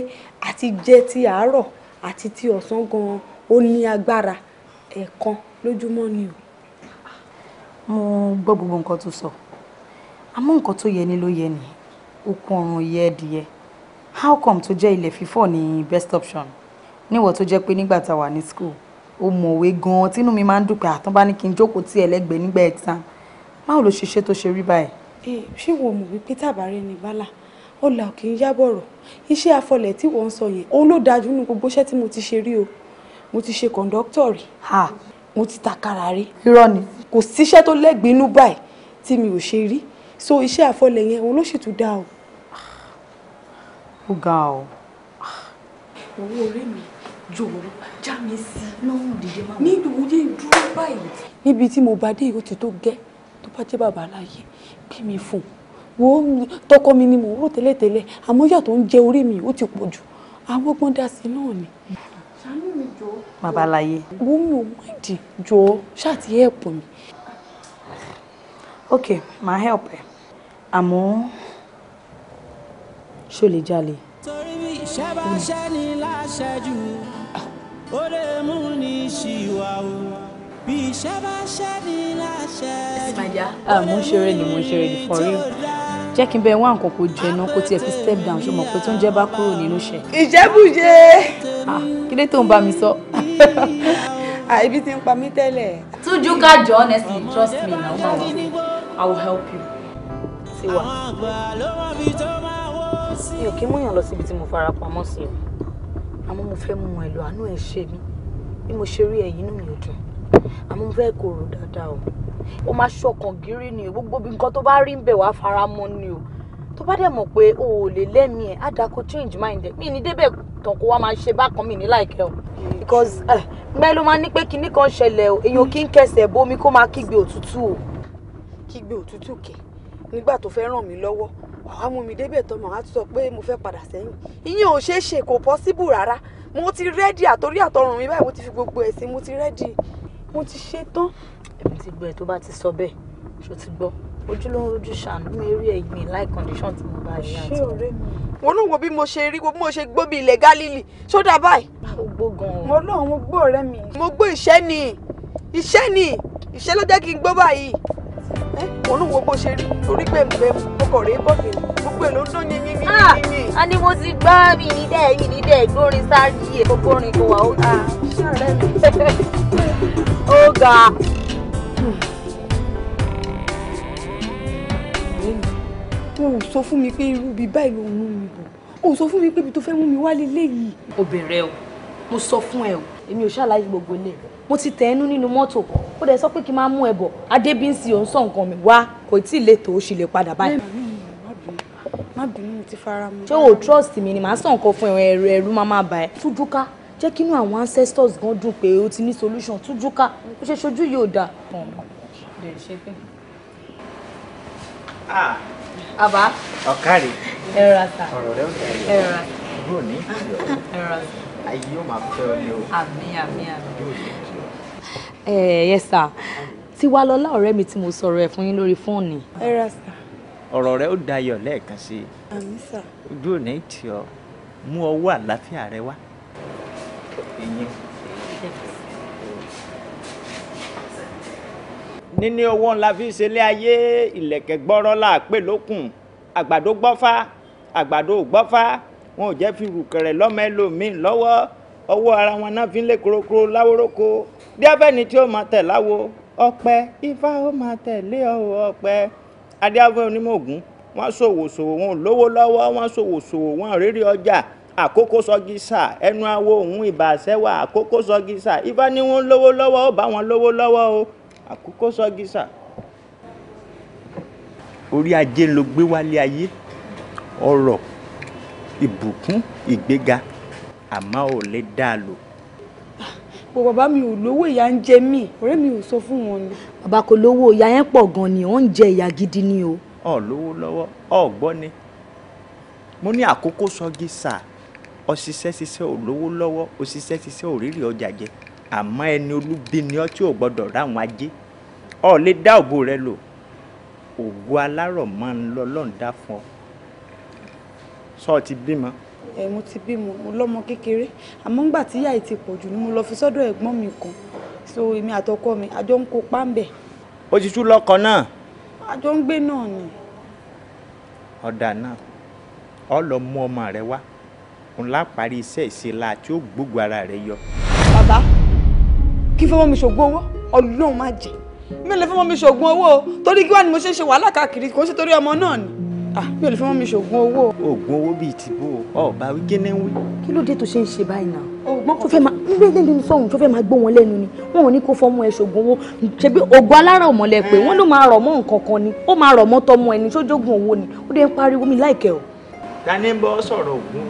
àti jẹ ti àárọ̀ àti ti ọ̀sán gan-an ó ní agbára ẹ̀ẹ̀kan lójúmọ́ ni o. mo gbọ́ gbogbo nǹkan tó sọ àmọ́ nǹkan tó yẹ ni ló yẹ ni okun ọ̀run yẹ adìyẹ how come tó jẹ́ ilẹ̀ fífọ́ ni best option níwọ̀ tó jẹ́ pé nígbà tá a wà ní school o mọ̀wé gan-an tínú mi máa ń dùn pé àtọ́ bá ní kí n jókòó tí ẹlẹ́gbẹ̀ẹ́ nígbà exam báwo ló ṣe ṣe tó ṣe rí báyìí. ẹ ṣé wo mọ̀ wípé tàbárẹ́ ni bálà ọ̀là kì í yábọ̀rọ̀ iṣẹ́ afọlẹ̀ tí wọ́n ń sọ yẹn òun ló dájú nínú gbogbo iṣẹ́ tí mo ti ṣe rí o mo ti ṣe kọ̀ǹdọ́tọ̀ rí mo ti takara rí. irọ́ ni. kò síṣẹ́ tó lẹ́gbinú báyìí tí mi ò ṣe rí so dá o. ó ga o. owó orí mi jòwó já mi sí lọ́rùn dìde máa ní ìdòwúdé dúró báyìí. níbi tí mo bá dé ìwé ti tó gẹ́ tó bá jẹ́ bàbá láàyè gbé mi fún wo tọkọ mi ni mò ń rò tẹ́lẹ̀tẹ́lẹ̀ àmọ́ yà tó ń jẹ orí mi ó ti pọ̀ jù àwọn ọgbọ́n dá sí náà ni. ṣàánú mi jọ. babaláyé. wo mi ò máìdì jọ ṣáàtì ẹ̀pù mi. ok màá help ẹ àmọ́ ṣó lè jalè. torí bí ìṣẹ́ bá ṣẹ́ ni láṣẹ jù òrèmú ní ṣìwà o bí iṣẹ́ bá ṣẹ́ ní láṣẹ. Ah, mo ń ṣeré ni mo ni for real jẹ́ kí n bẹ wá nǹkan kó jẹ náà kó tiẹ̀ fi step down ṣe mọ̀ pé tó ń jẹ́ bá kúrò nínú iṣẹ́. ìjẹ́bùjẹ́. Ah, kí ló tó ń bá mi sọ. *laughs* Ah, ibi tí ń pa mí tẹ́lẹ̀. tújú ká jọ honestly trust me na wà wà I will help you. ti wà. mi ò kí mú yàn lọ síbi tí mo fara pamọ́ sí o àmọ́ mo fẹ́ mú ẹ lọ àánú ẹ ṣe mí bí mo ṣe rí ẹ yìí inú mi ò dùn àmọ́ mo fẹ́ kó rò dáadáa o ó máa ṣọkàn gírí ni o gbogbo nǹkan tó bá rí ń bẹ̀ wàá fara mọ́ ni o tó bá dẹ̀ mọ̀ pé o ò lè lẹ́mìí ẹ̀ á change mind ẹ̀ mí ní débẹ̀ tán kó wá máa ṣe bákan mi ní láìkẹ́ o because mẹ́lú eh, máa ní pé kinní kan ṣẹlẹ̀ o èèyàn kì í kẹsẹ̀ bómi kó máa kígbe òtútù o kígbe òtútù kẹ̀ nígbà tó fẹ́ ràn mí lọ́wọ́ wàá mú mi débẹ̀ tán màá sọ pé mo fẹ́ padà sẹ́yìn ìyẹn ò ṣeé ṣe kò pọ́síbù rárá mo ti rẹ́dì àtòrí àtọrùn mi báyìí mo ti fi gbogbo ẹ̀ sí mo ti rẹ́dì mo ti ṣe tán. èmi ti gbọ́ ẹ tó bá ti sọ bẹ́ẹ̀ ṣó ti gbọ́ ojú ṣàánú mi rí ẹ̀gbìn láì condition tí mo bá rí àti. ṣé ọ̀rẹ́ mi. wọn náà wo bí mo ṣe rí bí mo ṣe gbó bí ilẹ̀ Gálílì sódà báyìí. mo gbó gan mo lóun mo gbó olúwo bó ṣe rí orí gbẹ̀mùgbẹ̀mù ọkọ̀ rẹ̀ bọ̀ kìnnì gbogbo ẹ̀ ló dún yín yín yín yín. a ní mo ti gbá mi ní dẹ́ mi ní dẹ́ gbórin sáré yìí gbogbo orin kò wá ó ta. ó ga. o ah, ò sọ fún mi pé irú bíi báyìí ló ń mú mi bọ̀ o ò sọ fún mi pé ibi tó fẹ́ mú mi wálé léyìí. obìnrin o mo sọ fún ẹ o èmi ò ṣàlàyé gbogbo ilé rẹ mo ti tẹ̀ ẹnu nínú mọ́tò ó dẹ̀ sọ pé kí n máa mú ẹ bọ̀ adébínsì ò ń sọ nǹkan mi wá kò tí ì lè tó o sì lè padà báyìí. má bínú ti fara mọ́. ṣé o trust mi ni màá sọ nǹkan fún ẹ̀rọ ẹ̀rú máa máa bà ẹ́. tújúká jẹ́ kínú àwọn ancestors gan dùn pé o ti ní solution tújúká ó ṣe ṣojú yóò dà. àbá. ọ̀kárì. ẹ̀rọ ata. ọ̀rọ̀ rẹ̀ ò tẹ̀lé. ẹ̀rọ ata. bro ní ìyọ̀ ayé yóò máa fẹ́ ọ ní o. àmì àmì àmì. Eh, yes sir Tiwalọlá ọ̀rẹ́ mi tí mo sọ̀rọ̀ ẹ̀ fún yín lórí fóònù. ẹ ra sà. ọ̀rọ̀ rẹ ó dayọ̀ lẹ́ẹ̀kan sí i. àmín sà. ojú ò ní tì ọ́ mú ọwọ́ àlàáfíà rẹ wá. níní owó ńlá fi ṣe ilé ayé ìlẹ̀kẹ̀ gbọ́rọ́ la pé lókun àgbàdo gbọ́fá àgbàdo gbọ́fá wọn ò jẹ́ fi rùkẹ̀rẹ̀ lọ́mọ ẹlòmíín lọ́wọ́ ọwọ́ ara wọn náà fi ń lé kurokuro láwóróko díábẹ́ni tí ó máa tẹ̀ láwo ọ̀pẹ ifá ó máa tẹ̀lé ọ̀hún ọ̀pẹ adíáfẹ́ onímọ̀ògùn wọ́n ṣòwò ṣòwò wọn lówó lọ́wọ́ wọ́n ṣòwò ṣòwò wọn rírí ọjà àkókò sọgísà ẹnu awo òun ìbàṣẹwà àkókò sọgísà ifá ni wọn lówó lọ́wọ́ ó bá wọn lówó lọ́wọ́ o àkókò sọgísà. orí ajé ló gbé wálé ayé ọrọ̀ ìbùkún ìgbéga àmọ́ ò lè dá a lò. bò bàbá mi ò lówó ìyá ń jẹ mí ọ̀rẹ́ mi ò sọ fún wọn ni. bàbá kò lówó ìyá yẹn pọ̀ gan ni ó ń jẹ ìyà gidi ni o. ọ lówó lọ́wọ́ ọ gbọ́ ni mo ní àkókò sọgi sáà òṣìṣẹ́ ṣiṣẹ́ ò lówó lọ́wọ́ òṣìṣẹ́ ṣiṣẹ́ ò rírì ọjà jẹ àmọ́ ẹni olúbi ni ọ tí ò gbọ́dọ̀ ráwọn ajé ọ lè dá òbò rẹ lò ògo alárọ̀ máa ń lọ lọ́ǹda fún ọ sọ ti bímọ. So, ẹ mo ti bímọ mo lọ́mọ kékeré àmọ́ ńgbà tí ìyà yìí ti pọ̀ jù ni mo lọ fi sọ́dọ̀ ẹ̀gbọ́n mi kan so èmi àtọkọ mi àjọ ń kópa ń bẹ̀. ó ti tú lọ́kọ náà. àjọ ń gbé náà ni. ọ̀dà náà ọ lọ mú ọmọ rẹ wá òun lá parí iṣẹ́ ìṣẹ̀lá tí ó gbógun ara rẹ yọ. bàbá kí fọwọ́ mi ṣògbọ́n owó ọlọ́run má jẹ́ mi ò lè fọwọ́ mi ṣògbọ́n owó torí kí wàá ni mo ṣe ń ṣe wàhálà káàkiri kò ń ṣe torí ọmọ náà ni. Ah, mi ò lè fi mọ́ mi ṣògùn owó. oògùn owó bíi ti bó o ọba wí kí ni wí. kí ló dé tó ṣe ń ṣe báyìí náà. oògùn tó fẹ́ máa ń gbé lẹ́nu ní sọ́hún tó fẹ́ máa gbó wọn lẹ́nu ni wọn ò ní kó fọmọ ẹ ṣògùn owó ṣebí oògùn alára ọmọlẹ pé wọn ló máa rọ̀ mọ́ nǹkan kan ni ó máa rọ̀ mọ́ tọmọ ẹni sójógun owó ni ó dé ń pariwo mi láìkẹ́ o. dání ń bọ sọ̀rọ̀ ògùn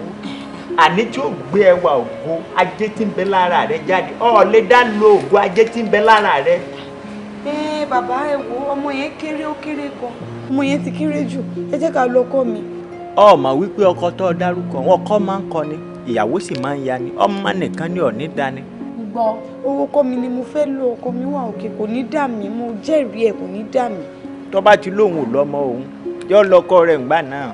àní tí ó gbé ẹwà ògo ajé tí ń bẹ lára rẹ jáde ọ̀ọ́lẹ́dá lo ògo ajé tí ń bẹ lára rẹ ẹ bàbá ẹ wò ọmọ yẹn kéré ó kéré gan ọmọ yẹn ti kéré jù ẹ jẹ́ ká lọ́kọ mi. ọmọ wípé ọkọ tó o dárúkọ ọkọ máa ń kọ ni ìyàwó sì máa ń ya ni ọmọ nìkan ni òní dání. gbọ́ owó kọ́ mi ni mo fẹ́ lo ọkọ mi wà òkè kò ní dà mí mo jẹ́rìí ẹ̀ kò ní dà mí. tó bá ti lóun ò lọ́mọ òun yọ lọ́kọ rẹ̀ ńgbà náà.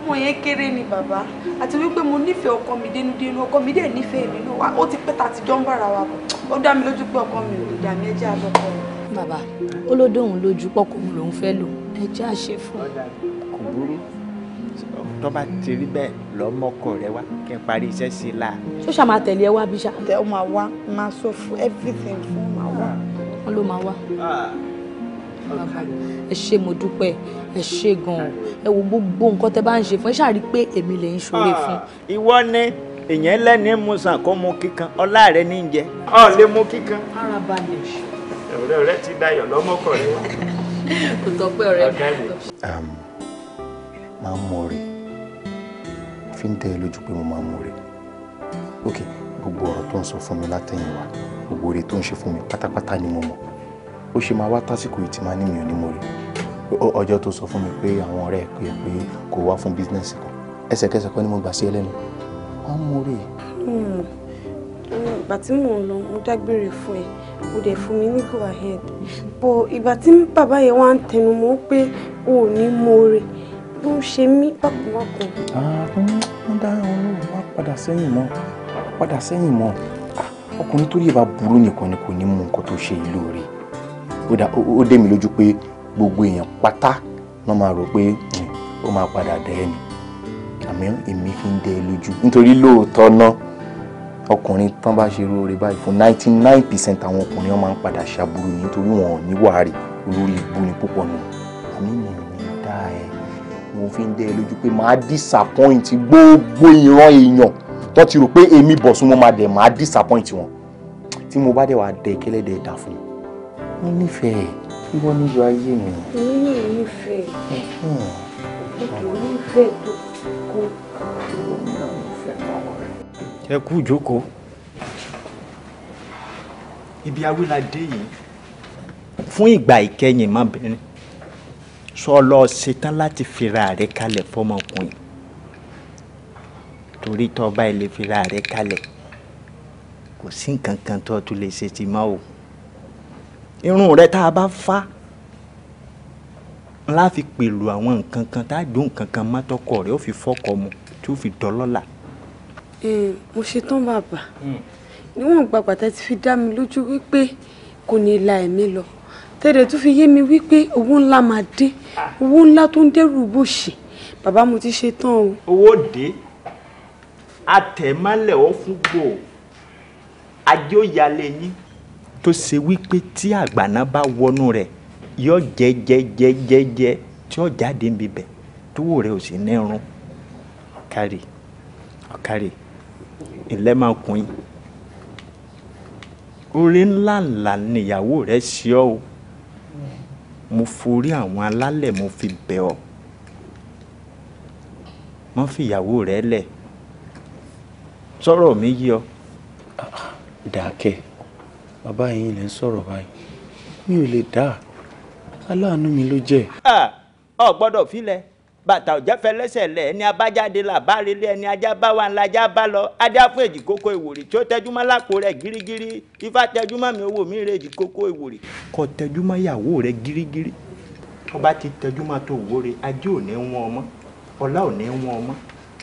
ọmọ yẹn kéré ni bàbá àti wípé mo nífẹ̀ẹ́ ọkọ mi dénúdénú ọkọ mi dẹ̀ nífẹ̀ẹ́ mi ló ó ti pẹ́ tàtijọ́ ń bára wa bọ̀ ó dá mi lójú pé ọkọ mi ò lè dà mí ẹjẹ́ àlọ́kọ rẹ̀ bàbá ó ló dóhùn lójú pọkùn lòún fẹ́ lò ẹ jẹ́ àṣẹ fún un. kò burú tó bá ti rí bẹ́ẹ̀ lọ́mọkọ rẹ wá kẹ́ parí iṣẹ́ sí i la. ṣó ṣàmà tẹ̀lé ẹ wá bí ṣá. tẹ ọ máa wá máa sọ fún everything fún máa wá. wọn ló máa wá. ẹ ṣé mo dúpẹ́ ẹ ṣé gan-an ẹ wo gbogbo nǹkan tẹ bá ń ṣe fún ẹ ṣáà pé èmi lè ń ṣoore fún. Ah, ìwọ ni èèyàn lẹ́ni mùsàn kó mu kíkan ọlá rẹ ní ọ lè mu kíkan. ara balẹ̀ ṣe ọ̀rẹ́ ọ̀rẹ́ ti dayọ̀ lọ́mọkọ̀rẹ́. kò tọ́pẹ́ ọ̀rẹ́ mi. máa ń mú ọ̀rẹ́ mo fi ń tẹ́ ẹ lójú pé ok gbogbo ọ̀rọ̀ tó ń sọ fún mi látẹ̀yìn wa gbogbo ọ̀rẹ́ tó ń ṣe fún mi pátápátá ni mo mọ̀ O ṣe máa wá tásìkò ìtì máa ní mi ò ní mo rí ọjọ́ tó sọ fún mi pé àwọn ọ̀rẹ́ pé pé kò wá fún bísínẹ́sì kan ẹsẹ̀kẹsẹ̀ kan ni mo gbà sí ẹlẹ́nu wọ́n mú rí i. Hmm. bàtí mò ń mo dágbére fún ẹ o dẹ̀ fún mi ní go ahead bọ̀ ìgbà tí bàbá yẹn wá ń tẹnu mọ́ pé o ò ní mọ̀ọ́rẹ́ bó ń ṣe mí bákùnbákùn. Ah, wọ́n dá ọlọ́run wá padà sẹ́yìn mọ́ padà sẹ́yìn mọ́ ah, ọkùnrin tó yẹ bá burú nìkan ni kò ní mú nǹkan tó ṣe ìlú rẹ̀ ó dé mi lójú pé gbogbo èèyàn pátá ló máa rò pé hmm, ó máa padà dẹ́ ẹ̀ ni àmì èmi fi ń dẹ́ ẹ lójú nítorí lóòótọ́ náà ọkùnrin tán bá ṣe rúore báyìí fún ninety nine percent àwọn ọkùnrin wọn máa ń padà ṣàbúrò nítorí wọn ò ní wàárí olórí ìbú ni púpọ̀ nù. àmì mi ò ní dá ẹ mo fi ń dẹ ẹ lójú pé màá disappoint gbogbo ìran èèyàn tó ti rò pé èmi Bọ̀sún mo máa dẹ̀ màá disappoint wọn tí mo bá dẹ̀ wà dẹ̀ kẹ́lẹ́dẹ̀ dà fún mi mo nífẹ̀ẹ́ ìwọ níjọ ayé mi. èmi náà nífẹ̀ẹ́ ètò nífẹ̀ẹ́ tó kó ẹ kú ìjókòó ibi awíládé yìí fún ìgbà ìkẹyìn má bẹ̀rẹ̀ sọ lọ ṣetán láti fira rẹ kalẹ̀ fọmọkùnrin torí tọba ilé fira rẹ kalẹ̀ kò sí nǹkan kan tó tún lè ṣe ti má o irun rẹ tá a bá fá ńlá fi pẹ̀lú àwọn nǹkan kan tá a dùn nǹkan kan mọ́tọ́kọ rẹ ó fi fọ́kọ mu tí ó fi dọ́lọ́là. Eh, mo ṣetán bàbá hmm. níwọ̀n gbàgbà tẹ́ ti fi dá mi lójú wípé kò ní la ẹ̀mí lọ tẹ́lẹ̀ tún fi yé mi wípé owó ńlá máa dé owó ńlá tó ń dẹ́rù bòṣì bàbá mo ti ṣetán o. owó dé atẹ̀málẹ̀ ọ́ fún gbò ajé ó yalé yín tó ṣe wípé tí àgbàná bá wọnú rẹ̀ yọ jẹjẹjẹjẹjẹ tí ó jáde ń tó wò rẹ̀ ò sí ní irun ọ̀kárì ọ̀kárì ilẹ̀ máa kùn yín orí ńlá ńlá nìyàwó rẹ ṣe ọ o mo forí àwọn alálẹ̀ mo fi bẹ̀ ọ́ mo fi ìyàwó rẹ lẹ̀ sọ̀rọ̀ mi yí ọ. dákẹ́ bàbá yín lè ń sọ̀rọ̀ báyìí mi ò lè dá aláàánú mi ló jẹ́. ọ gbọ́dọ̀ filẹ̀ bàtà ọ̀jẹ́ fẹlẹ́sẹ̀ lẹ̀ ẹni abájáde là bá relé ẹni ajá bá wà ńlá ajá bá lọ adá fún èjì kókó ìwòrì tí ó tẹjúmọ́ lápò rẹ̀ gírígírí ifá tẹjúmọ́ mi owó mi rè èjì kókó ìwòrì kọ́ tẹjúmọ́ ìyàwó rẹ̀ gírígírí tó bá ti tẹjúmọ́ tó wò re ajé ò ní wọ́n ọmọ ọlá ò ní wọ́n ọmọ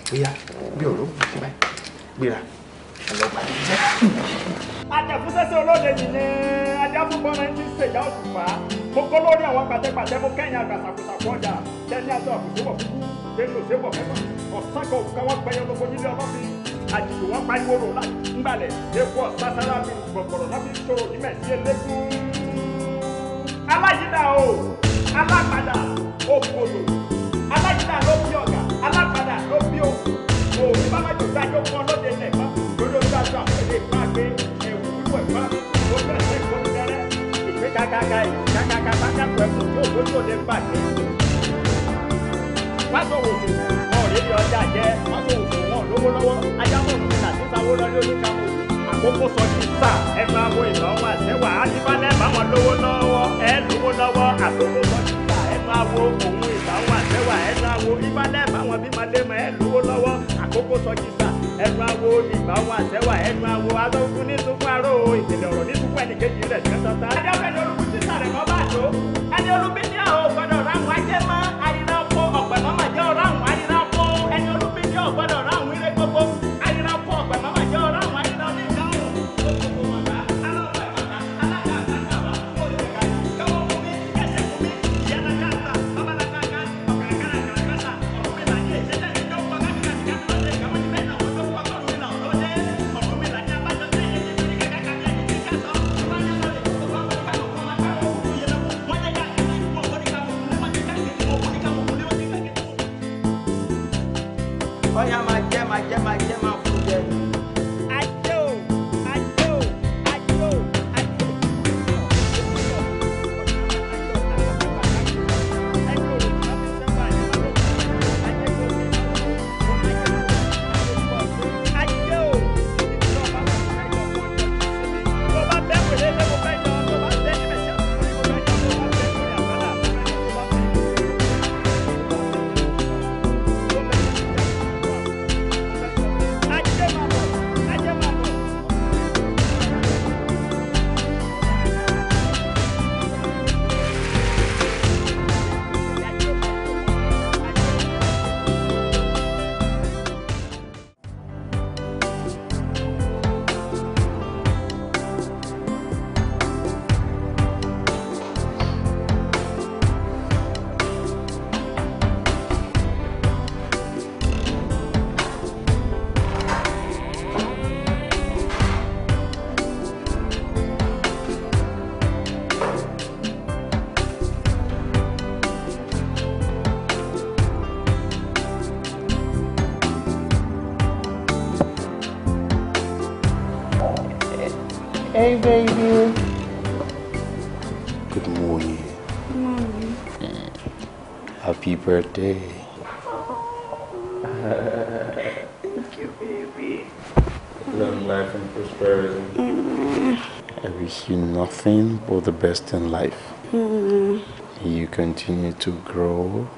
bóyá bí ọ̀rọ̀ ó báyìí gbéra àjàfúnṣẹ́ṣẹ́ olóde yìí ni ajáfúnbọ́n náà ti o alágbádà òkòlò aláyídà ló bí ọ̀gá alágbádà ló bí òkú òní bá má jò dájọ́ kọ́ gbàgbà èdè pàgbé ẹ̀wù púpọ̀ ìpá ó bẹ̀rẹ̀ àkókò sọ ní sà ẹ wo ìlọ́wọ́ àtẹwà á ti bá lẹ́ẹ̀ wọn lówó náà. nìgbà wọn àtẹwà ẹnu àwọ alógún ní sunkún ìpìlẹ̀ ọ̀rọ̀ ní ẹnìkejì rẹ̀ ṣẹ́ńtọ́ta. baby. Good morning. Good morning. Happy birthday. Thank you, baby. Long life and prosperity. Mm. I wish you nothing but the best in life. Mm. You continue to grow.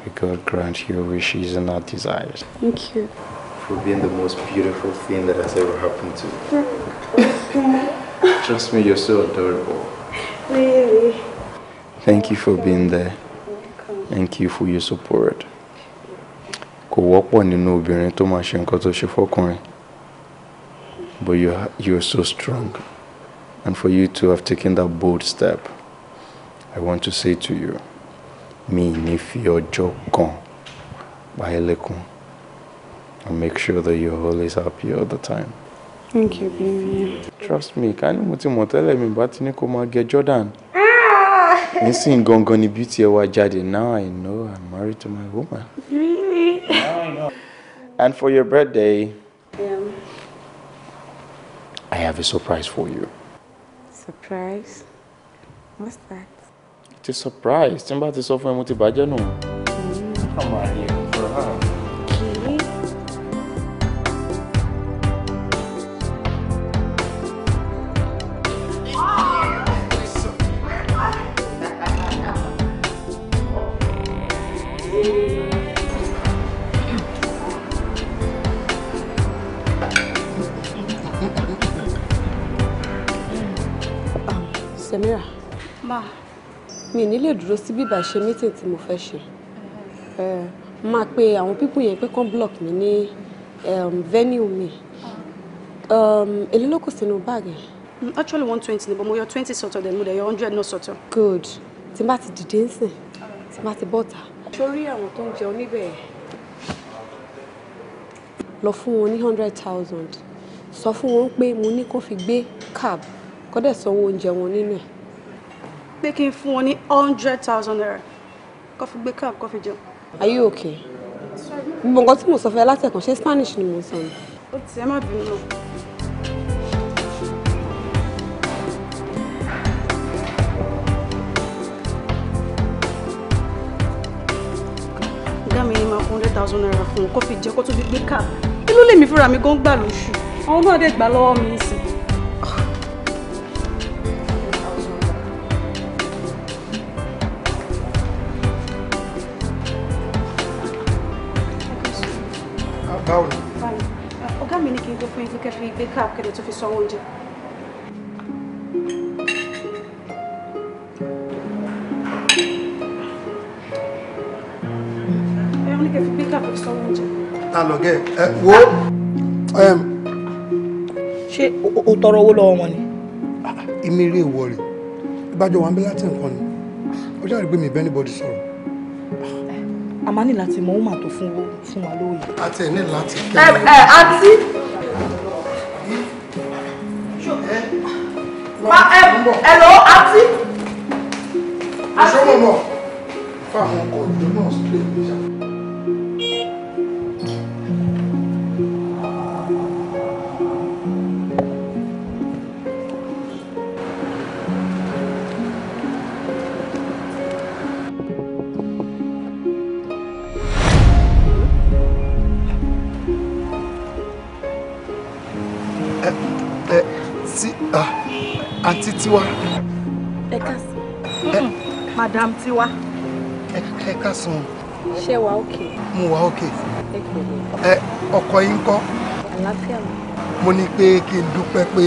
May God grant your wishes and our desires. Thank you. For being the most beautiful thing that has ever happened to me. Trust me, you're so adorable. Really? Thank you for being there. Thank you for your support. Kò wọ́pọ̀ nínú obìnrin tó máa ṣe nǹkan tó But you you're so strong. And for you to have taken that bold step, I want to say to you, me ní fi ọjọ́ kan And make sure that you're always happy all the time. Thank you, baby. Trust me, ká ní mo ti mọ̀ tẹ́lẹ̀ mi bá ti ní kó máa gẹ Jordan. Ah! Nísìnyí gangan ni beauty ẹ wá jáde. Now I know I'm married to my woman. Really? I know. And for your birthday, yeah. I have a surprise for you. Surprise? What's that? It's a surprise. Tí n bá ti sọ fún ẹ, mo ti bàjẹ́ nù. Mm. Come on, you. ma mi ní lè dúró síbí ìbá ṣe meeting tí mo fẹ́ ṣe máa pe àwọn pípọ̀ yẹn pé kán block mi ní um, venue mi um, èlé ló kù sínú báàgì. Mm, actually one twenty ni bọ́ mo yọ twenty sọ̀tọ̀ dẹ̀ mo dẹ̀ yọ hundred náà sọ̀tọ̀. good tí bá ti dìde ń sìn tí bá ti bọ́ta. sórí àwọn tó ń jẹun níbẹ̀ lọ fún wọn ní hundred thousand sọ fún wọn pé mo ní kó fi gbé cab kó dẹ̀ sanwó oúnjẹ wọn nínú ẹ̀ pé kí n fún wọn ní hundred thousand naira kó fi gbé cab kó jẹun. are you okay? gbogbo nǹkan tí mo sọ fẹ́ látẹ̀kàn ṣé Spanish ni mo sọ ni. ó ti ẹ má bínú lọ. ìyá ni máa fún hundred thousand naira fún un kó fi jẹ kó tún fi gbé cab inú lèmi fúnra mi gan gbà lóṣù àwọn náà gbà lọ́wọ́ mi sí. bíi gbé káàpù kẹ́lẹ́ tó fi sanwó oúnjẹ. ẹ wọ́n ní kẹ́ fi gbé káàpù fi sanwó oúnjẹ. ta ló gẹ ẹ wo. o tọrọ owó lọ́wọ́ wọn ni. èmi rí èèwọ̀ rẹ̀ ìbájọ́ wa ń bẹ láti nǹkan ni ó ṣàrí pé mi bẹ́ẹ̀ ní bọ́dí sọ̀rọ̀ a máa ní láti mọ ohun àtò fún wa lóye. àti ẹ̀ ní láti kẹ́ ẹ. má ẹ bọ̀ ẹ lọ àti. ìṣòwò mọ̀ fáwọn ọkọ̀ ìjọ náà sílẹ̀ ìgbésà. Tiwa. Ẹ kásán. Madam Tiwa. Eka, kásán. Ṣé wa òkè? Mo wa òkè. Ẹ pẹ̀lẹ́. Ẹ ọkọ yín ńkọ́? Àlàáfíà mi. Mo ní pé kí n dúpẹ́ pé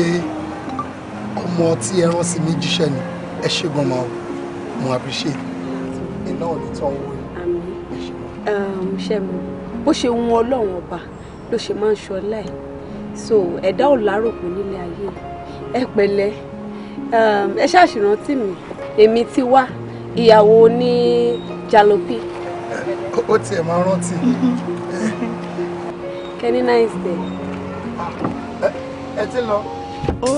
ọmọ tí ẹ rán sí mi jíṣẹ́ ni. Ẹ ṣe gan ma o. Mo appreciate. Iná ò ní tán owó rẹ̀. Àmín. Ṣé mo bó ṣe wun Ọlọ́run ọba ló ṣe máa ń ṣọlá ẹ̀ so ẹ̀dá ò láròkù nílé ayé ẹ pẹ̀lẹ́ ẹ ṣáàṣì rántí mi èmi ti wá ìyàwó ní jalopi. ó tiẹ̀ máa rántí. kẹ́ni nice day. ẹ ti lọ. ó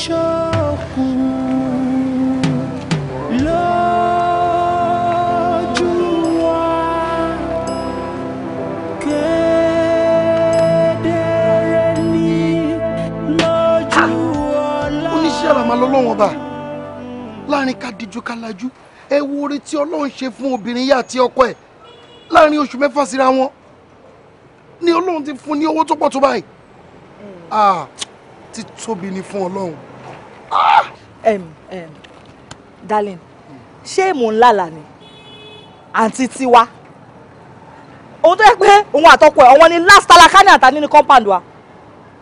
ṣókun. láàrin ká díjú ká lajú ẹ wo oore tí ọlọ́run ṣe fún obìnrin yá àti ọkọ ẹ̀ láàrin oṣù mẹ́fà síra wọn ni ọlọ́run ti fún ní owó tó pọ̀ tó báyìí mm. ah ti tóbi ni fún ọlọ́run. Ah! em em darling ṣé mò ń lálàá ni àǹtí tiwa òun tó yẹ pé òun àtọkọ ẹ̀ ọ̀wọ́n ni last alakani àtàní ní compound wa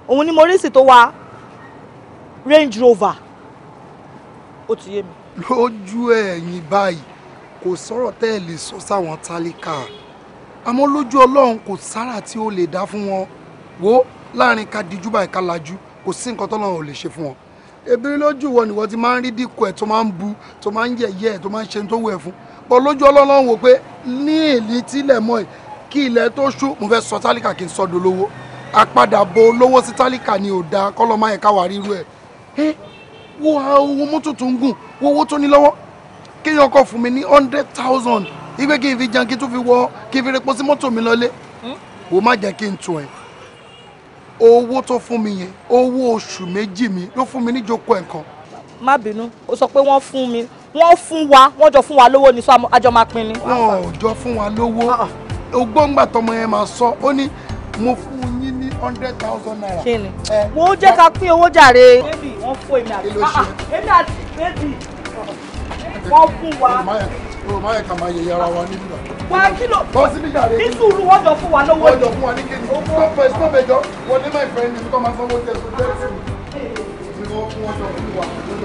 òun ni mo rí sì tó wa Range Rover ó ti yé mi lójú ẹ̀yìn báyìí kò sọ̀rọ̀ tẹ́ ẹ̀ lè sọ sáwọn tálíkà àmọ́ lójú ọlọ́run kò sára tí ó lè dá fún wọn wo láàrin ká dijú báyìí ká lajú kò sí nǹkan tọ́lọ́run ò lè ṣe fún wọn ebiri lójú wọn ni wọ́n ti máa ń rí díkù ẹ̀ tó máa ń bu tó máa ń yẹ̀yẹ́ ẹ̀ tó máa ń ṣe tó wù ẹ̀ fún pọ̀ lójú ọlọ́run wò pé ní èlì tílẹ̀ mọ́ ẹ̀ kí ilẹ̀ tó ṣú mo fẹ́ sọ tálíkà kí n sọ dolówó àpadàbọ̀ olówó sí tálíkà ni ò dáa kọ́lọ́ máa yẹ káwa ríru ẹ̀ wo owó mọ́tò tó ń gùn wo owó tó ní lọ́wọ́ kéèyàn kọ fún mi ní hundred thousand ìgbé kí n fi jẹun kí n tún fi wọ kí n fi repo sí mọ́tò mi lọ́lé hmm? wò má jẹ́ kí n tún ẹ̀ owó tó fún mi yẹn owó oṣù méjì mi ló fún mi níjókòó ẹ̀kan. má bínú o sọ pé wọ́n fún mi wọ́n fún wa wọ́n jọ fún wa lówó ni sọ àjọ máa pín wọn ò jọ fún wa lówó ogbóngbà ah, ah. tọmọ yẹn máa sọ ó ní mo fún hundred thousand naira. ṣe ni mo jẹ́ ká pín owó jàre. bébì wọ́n fún èmi àti ah, èmi àti bébì wọ́n fún wa. Roma ẹ̀ka máa yẹ yàrá wa níbí náà. Wá kílò bọ́ síbí jàre. Ní sùúrù wọ́n jọ fún wa lọ́wọ́. Eh, eh, wọ́n fún wa ní kéde. Stop first stop ẹjọ́. Wọlé my friend mi kọ́ máa sanwó tẹ̀sán tẹ̀sán. Ní wọ́n fún wọn fún wa ló fún wa.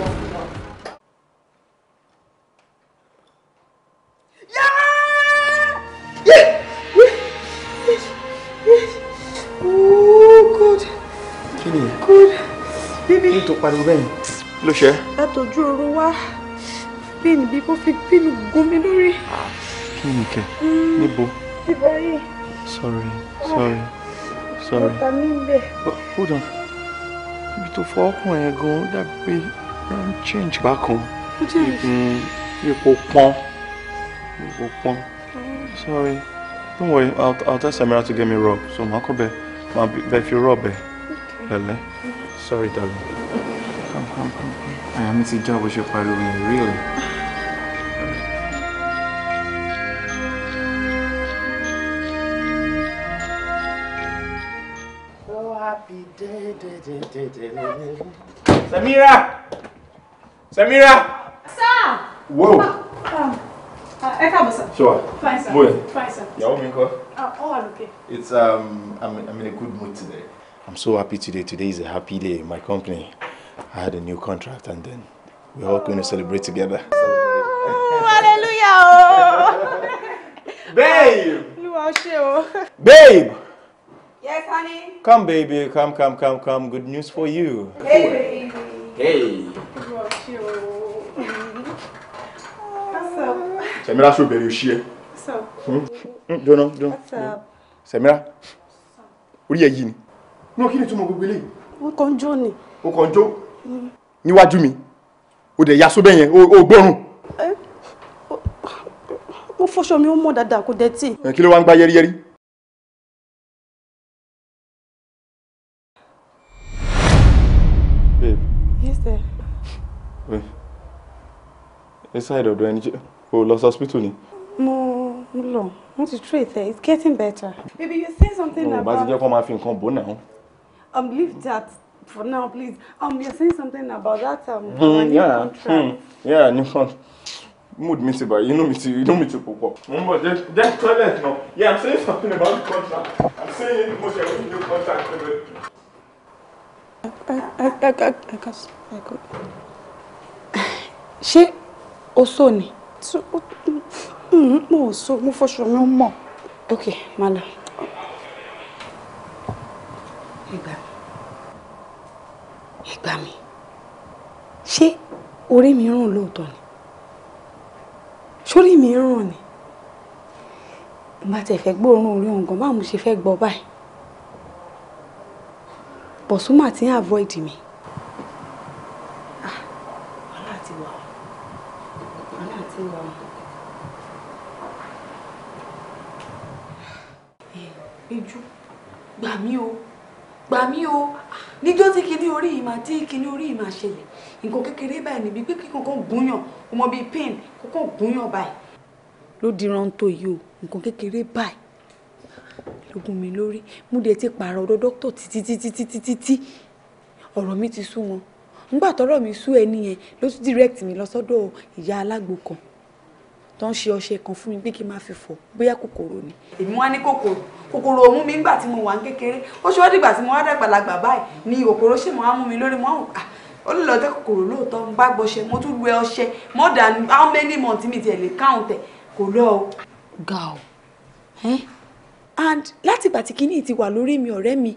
Yeah! Yeah! good. kí good bíbí. kí n tó pariwo bẹ́ẹ̀ ló ṣe. látọjú oorun wá pin bí kò fi pin gún mi lórí. kí ni kẹ hmm. níbo. bíbá sorry sorry sorry. ọ̀tá mi ń bẹ̀. hold on ibi tó fọ ọkùnrin yẹn gan dàbí pé ẹ ń change bákan. ipò pọ́n ipò pọ́n sorry don't worry I'll, I'll tell Samira to get me rub so màá kọ́ máa bẹ fi rọ̀bẹ̀ pẹ̀lẹ́ sorry darling. come come come àyà mi ti já bó ṣe pariwo yẹn really. Oh, Samira! Samira! Sir! Whoa! Ẹ Sure. Fine sir. Bóyá. Fine sir. Ìyàwó mi ńkọ́? Ah, all are okay. It's um I'm I'm in a good mood today. I'm so happy today. Today is a happy day my company. I had a new contract and then we're all going to celebrate together. *laughs* Oh, hallelujah! Babe! *laughs* Babe! Yes, honey? Come, baby. Come, come, come, come. Good news for you. Hey, baby. Hey. Sẹ̀mírà ṣó bẹ̀rẹ̀ òṣì ẹ. Hmm? Hmm, jóná jóná. Sẹ̀mírà orí ẹ yìí ni. Ní o kí ni túmọ̀ gbogbo eléyìí? Ó kàn jó ni. Ó kàn jó. Hmm. Níwájú mi, o dẹ̀ ya sóbẹ̀ yẹn, o gbọ́rùn. Mo fọṣọ mi ó mọ̀ dáadáa kó dẹ̀ tì. Kí ló wá ń gbá yẹ́rìyẹ́rì? Babe. Yes, sir. Wait. Inside ọ̀dọ̀ ẹni jẹ́ o lọ sí hospital ni. mo ń lọ mo ti treat ẹ it's getting better. baby you say something about. mo bá ti jẹ́ kó máa fi nǹkan bò náà. um leave that for now please um you say something about that um, mm, our yeah, contract. Mm, yeah new contract mood mi ti báyìí inú mi ti inú mi ti púpọ̀. mo ń bọ̀ jẹ́ jẹ́ toilet náà yeah i'm saying something about the contract i'm saying mo ṣe wí new contract. ṣé o sọ ni. Mm, mm, mo ò sọ mo fọṣọ mi ń mọ̀. ok má lọ. ìgbà mi ìgbà mi ṣé orí mi rùn lóòótọ́ ni sórí mi rùn ni bá tẹ̀ fẹ́ gbóòórùn orí òǹgàn báwo ṣe fẹ́ gbọ́ báyìí bọ̀sùmà ti ń avoid mi. mí o gbà mí o níjọ́ tí kinní orí yìí máa tí kinní orí yìí máa ṣẹlẹ̀ nǹkan kékeré báyìí níbi pé kí kankan gúnyàn ọmọ bíi pain kankan gúnyàn báyìí ló di rántó yìí o nǹkan kékeré báyìí ló gún mi lórí mú de ti pààrọ̀ ọ̀dọ̀ dókítà títí títí títí títí ọ̀rọ̀ mi ti sú wọn nígbà tọ́rọ̀ mi sú ẹni yẹn ló tún direct mi lọ sọ́dọ̀ ìyá alágbo kan tó ń ṣe ọṣẹ kan fún mi pé kí n máa fi fọ bóyá kòkòrò ni. èmi wá ní kòkòrò kòkòrò ò mú mi nígbà tí mo wà ń kékeré ó ṣe wá dìgbà tí mo wá dàgbàlagbà báyìí ni kòkòrò ṣì máa mú mi lórí mọ́ àwọn ó lè lọ tẹ kòkòrò lóòótọ́ mo bá gbọ́ṣẹ mo tún lu ẹ ọṣẹ more than how many months mi tiẹ̀ lè count ẹ̀ kò lọ o. ga o and látìgbà tí kinní ti wà lórí mi ọ̀rẹ́ mi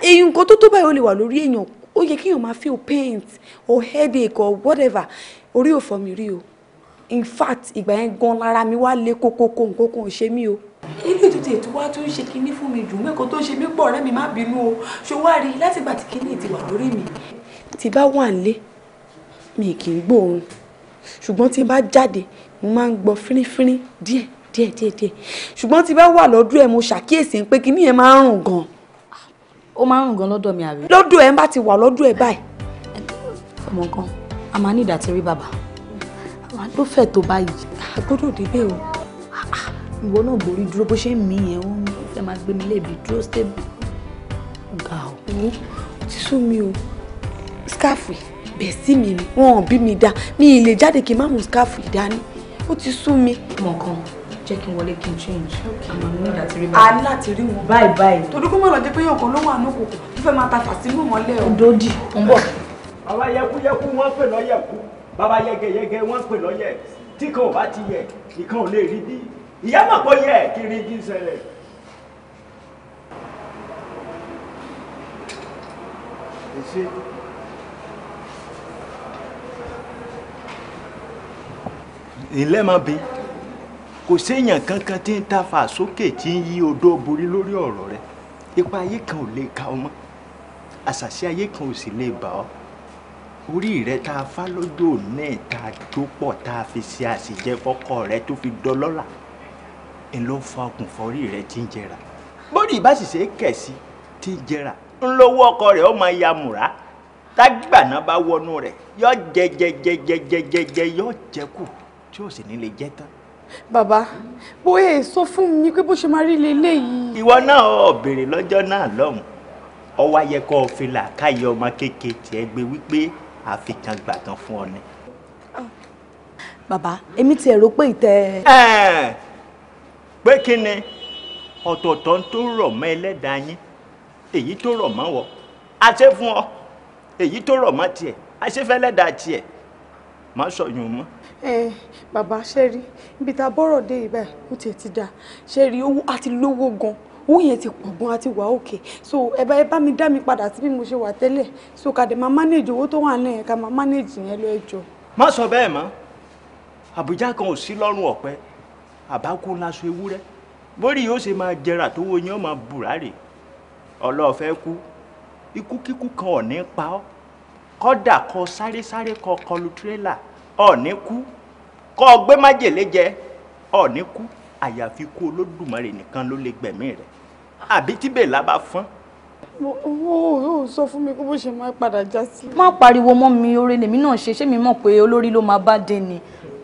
èyí nǹkan tó tó báyìí ó lè wà lórí èèyàn ó yẹ kéèyàn máa feel pain or headache or whatever orí ò fọ́ mi rí o in fact ìgbà yẹn gan lára mi wá lé kókókó nǹkan kan ṣe mí o ilé ìtútù ètò wa tó ń ṣe kinní fún mi jù mẹ́kọ̀ọ́ tó ń ṣe mí pọ̀ ọ̀rẹ́ mi má bínú o ṣó wá rí i láti ìgbà tí kinní ti wà lórí mi. tí bá wà nílé mi kì í gbóòórùn ṣùgbọ́n tí bá jáde mo máa ń gbọ́ fínnífínní díẹ̀ díẹ̀ díẹ̀ díẹ̀ ṣùgbọ́n tí bá wà lọ́dún ẹ̀ mo ṣàkíyèsí pé kinní yẹn máa ń rùn gan. ó máa ń rùn gan lọ́dọ̀ mi àbí. lọ́dọ̀ ẹ̀ ń bá ti wà lọ́dọ̀ ẹ̀ báyìí. ọmọ kan a máa ní ìdàtí rí bàbá wà ló fẹ̀ tó báyìí. a gbọ́dọ̀ débẹ̀ o. ìwọ náà borí dúró bó ṣe ń mí yẹn ó ń fẹ́ máa gbé mi léèbí dúró stable. ga o. o ti sú mi o skáàfù bẹ̀ sí mi ni wọn ò bí mi dá mi ì lè jáde kí n má mú skáàfù dání ó ti sú mi. mọ̀ jẹ́ kí n wọlé kí n change. àmọ́ mi nígbà tí rí báyìí. a láti rí wọn báyìí báyìí. torí kó má lọ jẹ́ pé ọkàn ló wà ní òkùnkùn tó fẹ́ máa ta fàṣímù mọ́lẹ̀ o. dòdì ń bọ̀. àwọn yẹkuyẹku wọn pè lọ yẹku. Baba yẹgẹyẹgẹ wọ́n pè lọ́yẹ̀ tí kan ò bá ti yẹ ìkan ò lè rí bí ìyá mà pọ̀ yẹ kiri bí ṣẹlẹ̀. ṣe ilé máa bí kò séèyàn kankan tí ń ta fà sókè tí ń yí odó borí lórí ọ̀rọ̀ rẹ̀ ipa ayé kan ò lè ka ọmọ àṣàṣì ayé kan ò sì lè bà ọ́ orí rẹ tá a fá lọ́jọ́ náà tá a jó pọ̀ tá a fi ṣe àṣìjẹ fọ́kọ rẹ tó fi dọlọ́là ń lọ fa okùn fọ́rí rẹ tí ń jẹrà bóde ìbáṣiṣẹ́ kẹ̀sí tí ń jẹrà ń lọ́wọ́ ọkọ rẹ̀ ó máa ya mùrá tágbàná bá wọnú rẹ̀ yọ jẹjẹjẹjẹjẹjẹ yọ jẹkù tí ò sì ní lè jẹ tán. bàbá O sọ fún mi pé bó ṣe máa rí lélẹ̀ yìí. ìwọ náà ò béèrè lọ́jọ́ náà lọ́hùn-ún ọwọ́ ayẹkọ́ fìlà káyọ̀ ọmọ kékeré tiẹ̀ gbé wípé àfikàn gbàtàn fún ọ ni. bàbá èmi ti ẹ̀rọ pé ìtẹ́. pé kí ni ọ̀tọ̀ọ̀tọ̀ tó rọ̀ mọ́ ẹlẹ́dàá yín èyí tó rọ̀ mọ́ wọ a ṣe fún ọ èyí tó rọ̀ mọ́ tiẹ̀ a ṣe fẹ́ lẹ́dàá tiẹ̀ má sọ yùn mọ́. bàbá ṣe rí ibi tá a bọ́rọ̀ dé ibà ó tiẹ̀ ti dáa ṣe rí owó àti lówó gan-an owó yẹn ti pọ̀ àti wà òkè so ẹ bá ẹ bá mi dá mi padà sí bí mo ṣe wà tẹ́lẹ̀ so kàdé máa manage owó tó wà náà yẹn ká máa manage yẹn lọ ẹjọ. má sọ bẹ́ẹ̀ mọ́ àbújá kan ò sí lọ́rùn ọ̀pẹ àbákú láṣọ ewúrẹ́ bórí yóò ṣe máa jẹrà tó wo yín máa bùrárì ọlọ́ọ̀fẹ́ kú ikúkíkú kan ò ní pa ọ́ kọ́dà kọ sáré sáré kọ kọlu tírélà ò ní kú kọ́ ọ gbé májèlé jẹ ò ní kú àyàfi kú Olódùmarè nìkan ló lè gbẹ̀mí rẹ̀ àbí tíbẹ̀ là bá fọ́n. owó ò sọ fún mi kó bó ṣe máa padà já sí. má pariwo mọ́ mi oore lèmi náà ṣe ṣé mi mọ̀ pé olórí ló máa bá dé ni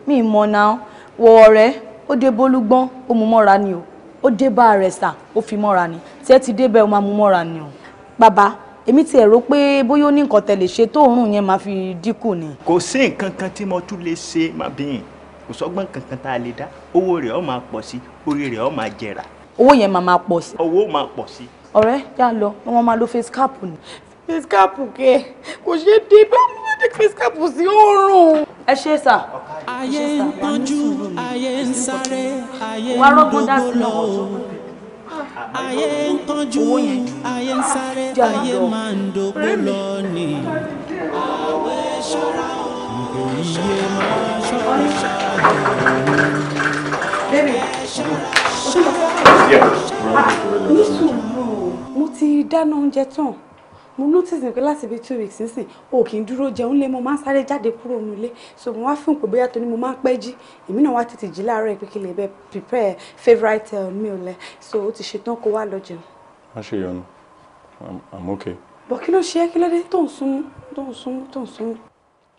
mi mọ̀ náà wọ ọ̀rẹ́ ó dé bólúgbọ́n ó mú mọ́ra ni o ó dé bá rẹ̀ sà ó fi mọ́ra ni tí ẹ ti débẹ̀ ó máa mú mọ́ra ni o. bàbá èmi ti ẹ̀rọ pé bóyá ó ní nǹkan tẹ̀lé ṣe tó òórùn yẹn máa fi dínkù ni. kò sí nǹkan kan tí mo tún lè ṣe má bíyìn kò sọ́gbọ́n kankan tá a lè dá owó rẹ̀ ó owó yẹn máa máa pọ̀ sí. owó máa pọ̀ sí. ọ̀rẹ́ yà lọ wọn máa lo face cap ni. face cap kẹ kò ṣeé dé bá mi máa dé face cap sí òórùn. ẹ ṣe é sà. ayé ń pọ́njú ayé ń sáré ayé ń gbogbo ayé ń kánjú ayé ń sáré ayé máa ń dogbo lọ ni. àwẹ̀ ṣọ́ra o iye máa ṣọ́ra o. Bébì, ní sùúrù, mo ti dáná oúnjẹ tán. Mo notice pé láti bíi two weeks nísìn, o kì í dúró jẹun lé, mo máa ń sáré jáde kúrò nílé. So mo wá fún pé bóyá tó ní mo máa ń pẹ́ jí. Èmi náà wá tètè jí láàárọ̀ pé kí lè bẹ́ẹ̀ prepare favourite eh, meal lẹ. So o ti ṣetán kó wá lọ jẹun. Má ṣe yọnu, I'm okay. Bọ̀ kí ló ṣe é? Kí ló dé tó ń sunmú, tó ń sunmú, tó ń sunmú?